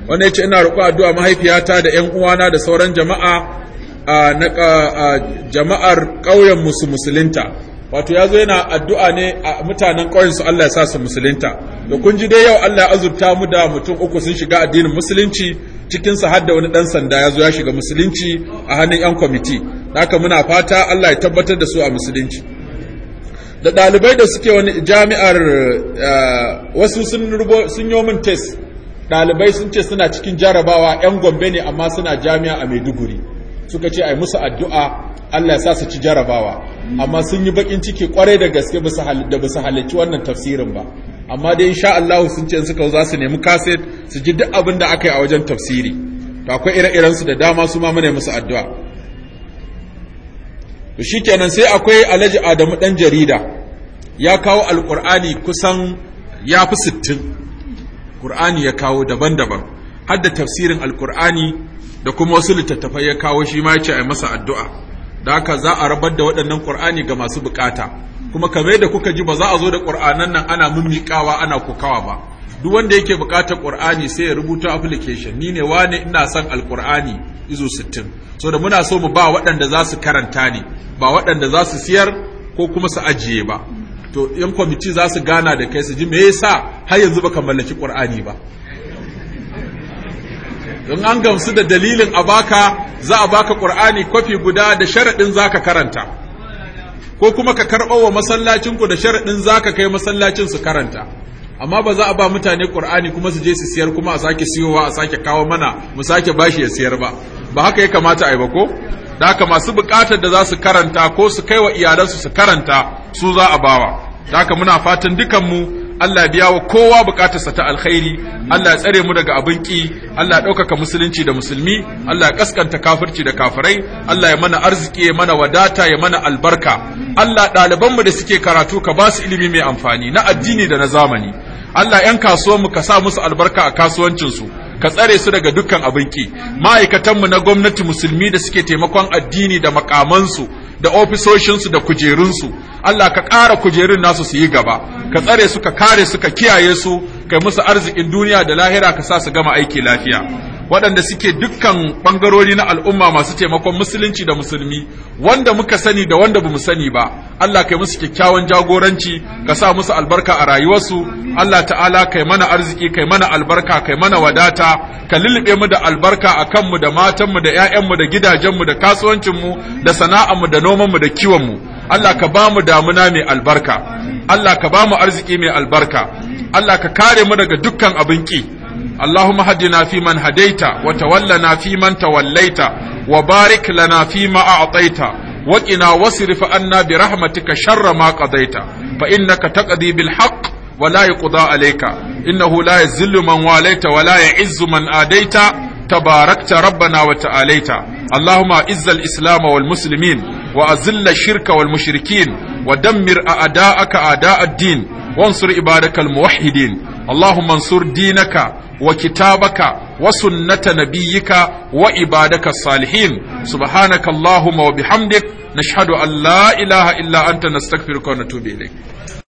wanda ya ce ina roƙon addu'a mahaifiyata da ‘yan uwana da sauran jama'a a jama'ar ƙauyen musu musulinta wato ya zo yana addu'a ne a mutanen ƙauyensu Allah ya sa su musulinta da kun ji dai yau Allah ya azurta mu da mutum uku sun shiga addinin musulunci cikinsa har da wani ɗan sanda ya zo ya shiga musulunci a hannun ‘yan kwamiti haka muna fata Allah ya tabbatar da su a musulunci da ɗalibai da suke wani jami'ar eh, wasu sun yi min test ɗalibai sun ce suna cikin jarabawa 'yan gombe ne amma suna jami'a a maiduguri suka ce a ai musu addu'a allah sa su ci jarabawa amma sun yi bakin ciki kwarai da gaske da basu halarci wannan tafsirin ba amma dai insha Allah sun ce suka za su nemi kaset su ji duk abin da aka yi a wajen tafsiri to akwai ire-irensu da dama su ma mune musu addu'a to shikenan sai akwai alhaji adamu dan jarida ya kawo alqur'ani kusan ya fi sittin qur'ani ya kawo daban-daban har da tafsirin alqur'ani da kuma wasu littattafai ya kawo shi ma yace a masa addu'a da haka za a rabar da waɗannan qur'ani ga masu bukata kuma kamar da kuka ji ba za a zo da qur'anan nan ana mummikawa ana kokawa ba duk wanda yake bukatar qur'ani sai ya rubuta application ni ne wane ina son alqur'ani izo sittin. so da muna so mu ba waɗanda za su karanta ne ba waɗanda za su siyar ko kuma su ajiye ba to yan kwamiti za su gana da kai su ji me yasa har yanzu baka mallaki qur'ani ba in an gamsu da dalilin a baka za a baka qur'ani kwafi guda da sharaɗin za ka karanta ko kuma ka karɓo wa masallacinku da sharaɗin za ka kai masallacin su karanta amma ba za a ba mutane ƙur'ani kuma su je su siyar kuma a sake siyowa a sake kawo mana mu sake bashi ya siyar ba ba haka ya kamata a yi ba ko da haka masu bukatar da za su karanta ko su kai wa iyalansu su karanta su za a bawa da haka muna fatan dukanmu Allah biya wa kowa bukatarsa ta alkhairi Allah ya tsare mu daga abin ki Allah ya ɗaukaka musulunci da musulmi Allah ya kaskanta kafirci da kafirai Allah ya mana arziki ya mana wadata ya mana albarka Allah ɗalibanmu da suke karatu ka ba su ilimi mai amfani na addini da na zamani Allah ‘yan kasuwanmu ka sa musu albarka a kasuwancinsu ka tsare su daga dukkan abin ki ma'aikatanmu na gwamnati musulmi da suke taimakon addini da makamansu da ofisoshinsu da kujerunsu Allah ka ƙara kujerun nasu su yi gaba ka tsare su ka kare su ka kiyaye su kai musu arzikin duniya da lahira ka sa su gama aiki lafiya waɗanda suke dukkan ɓangarori na al'umma masu taimakon musulunci da musulmi wanda muka sani da wanda bamu sani ba Allah kai musu kyakkyawan jagoranci ka sa musu albarka a rayuwarsu Allah ta'ala kai mana arziki kai mana albarka kai mana wadata ka lulluɓe mu da albarka a kanmu da matanmu da 'ya'yanmu da gidajenmu da kasuwancinmu da sana'armu da nomanmu da kiwonmu Allah ka ba mu damuna mai albarka Allah ka ba mu arziki mai albarka Allah ka kare mu daga dukkan abin ki اللهم هدنا فيمن هديت وتولنا فيمن توليت وبارك لنا فيما أعطيت وقنا واصرف عنا برحمتك شر ما قضيت فإنك تقضي بالحق ولا يقضى عليك إنه لا يذل من واليت ولا يعز من آديت تباركت ربنا وتعاليت اللهم أعز الإسلام والمسلمين وأذل الشرك والمشركين ودمر أعداءك أعداء الدين وانصر عبادك الموحدين اللهم انصر دينك وكتابك وسنة نبيك وعبادك الصالحين سبحانك اللهم وبحمدك نشهد أن لا إله إلا أنت نستغفرك ونتوب إليك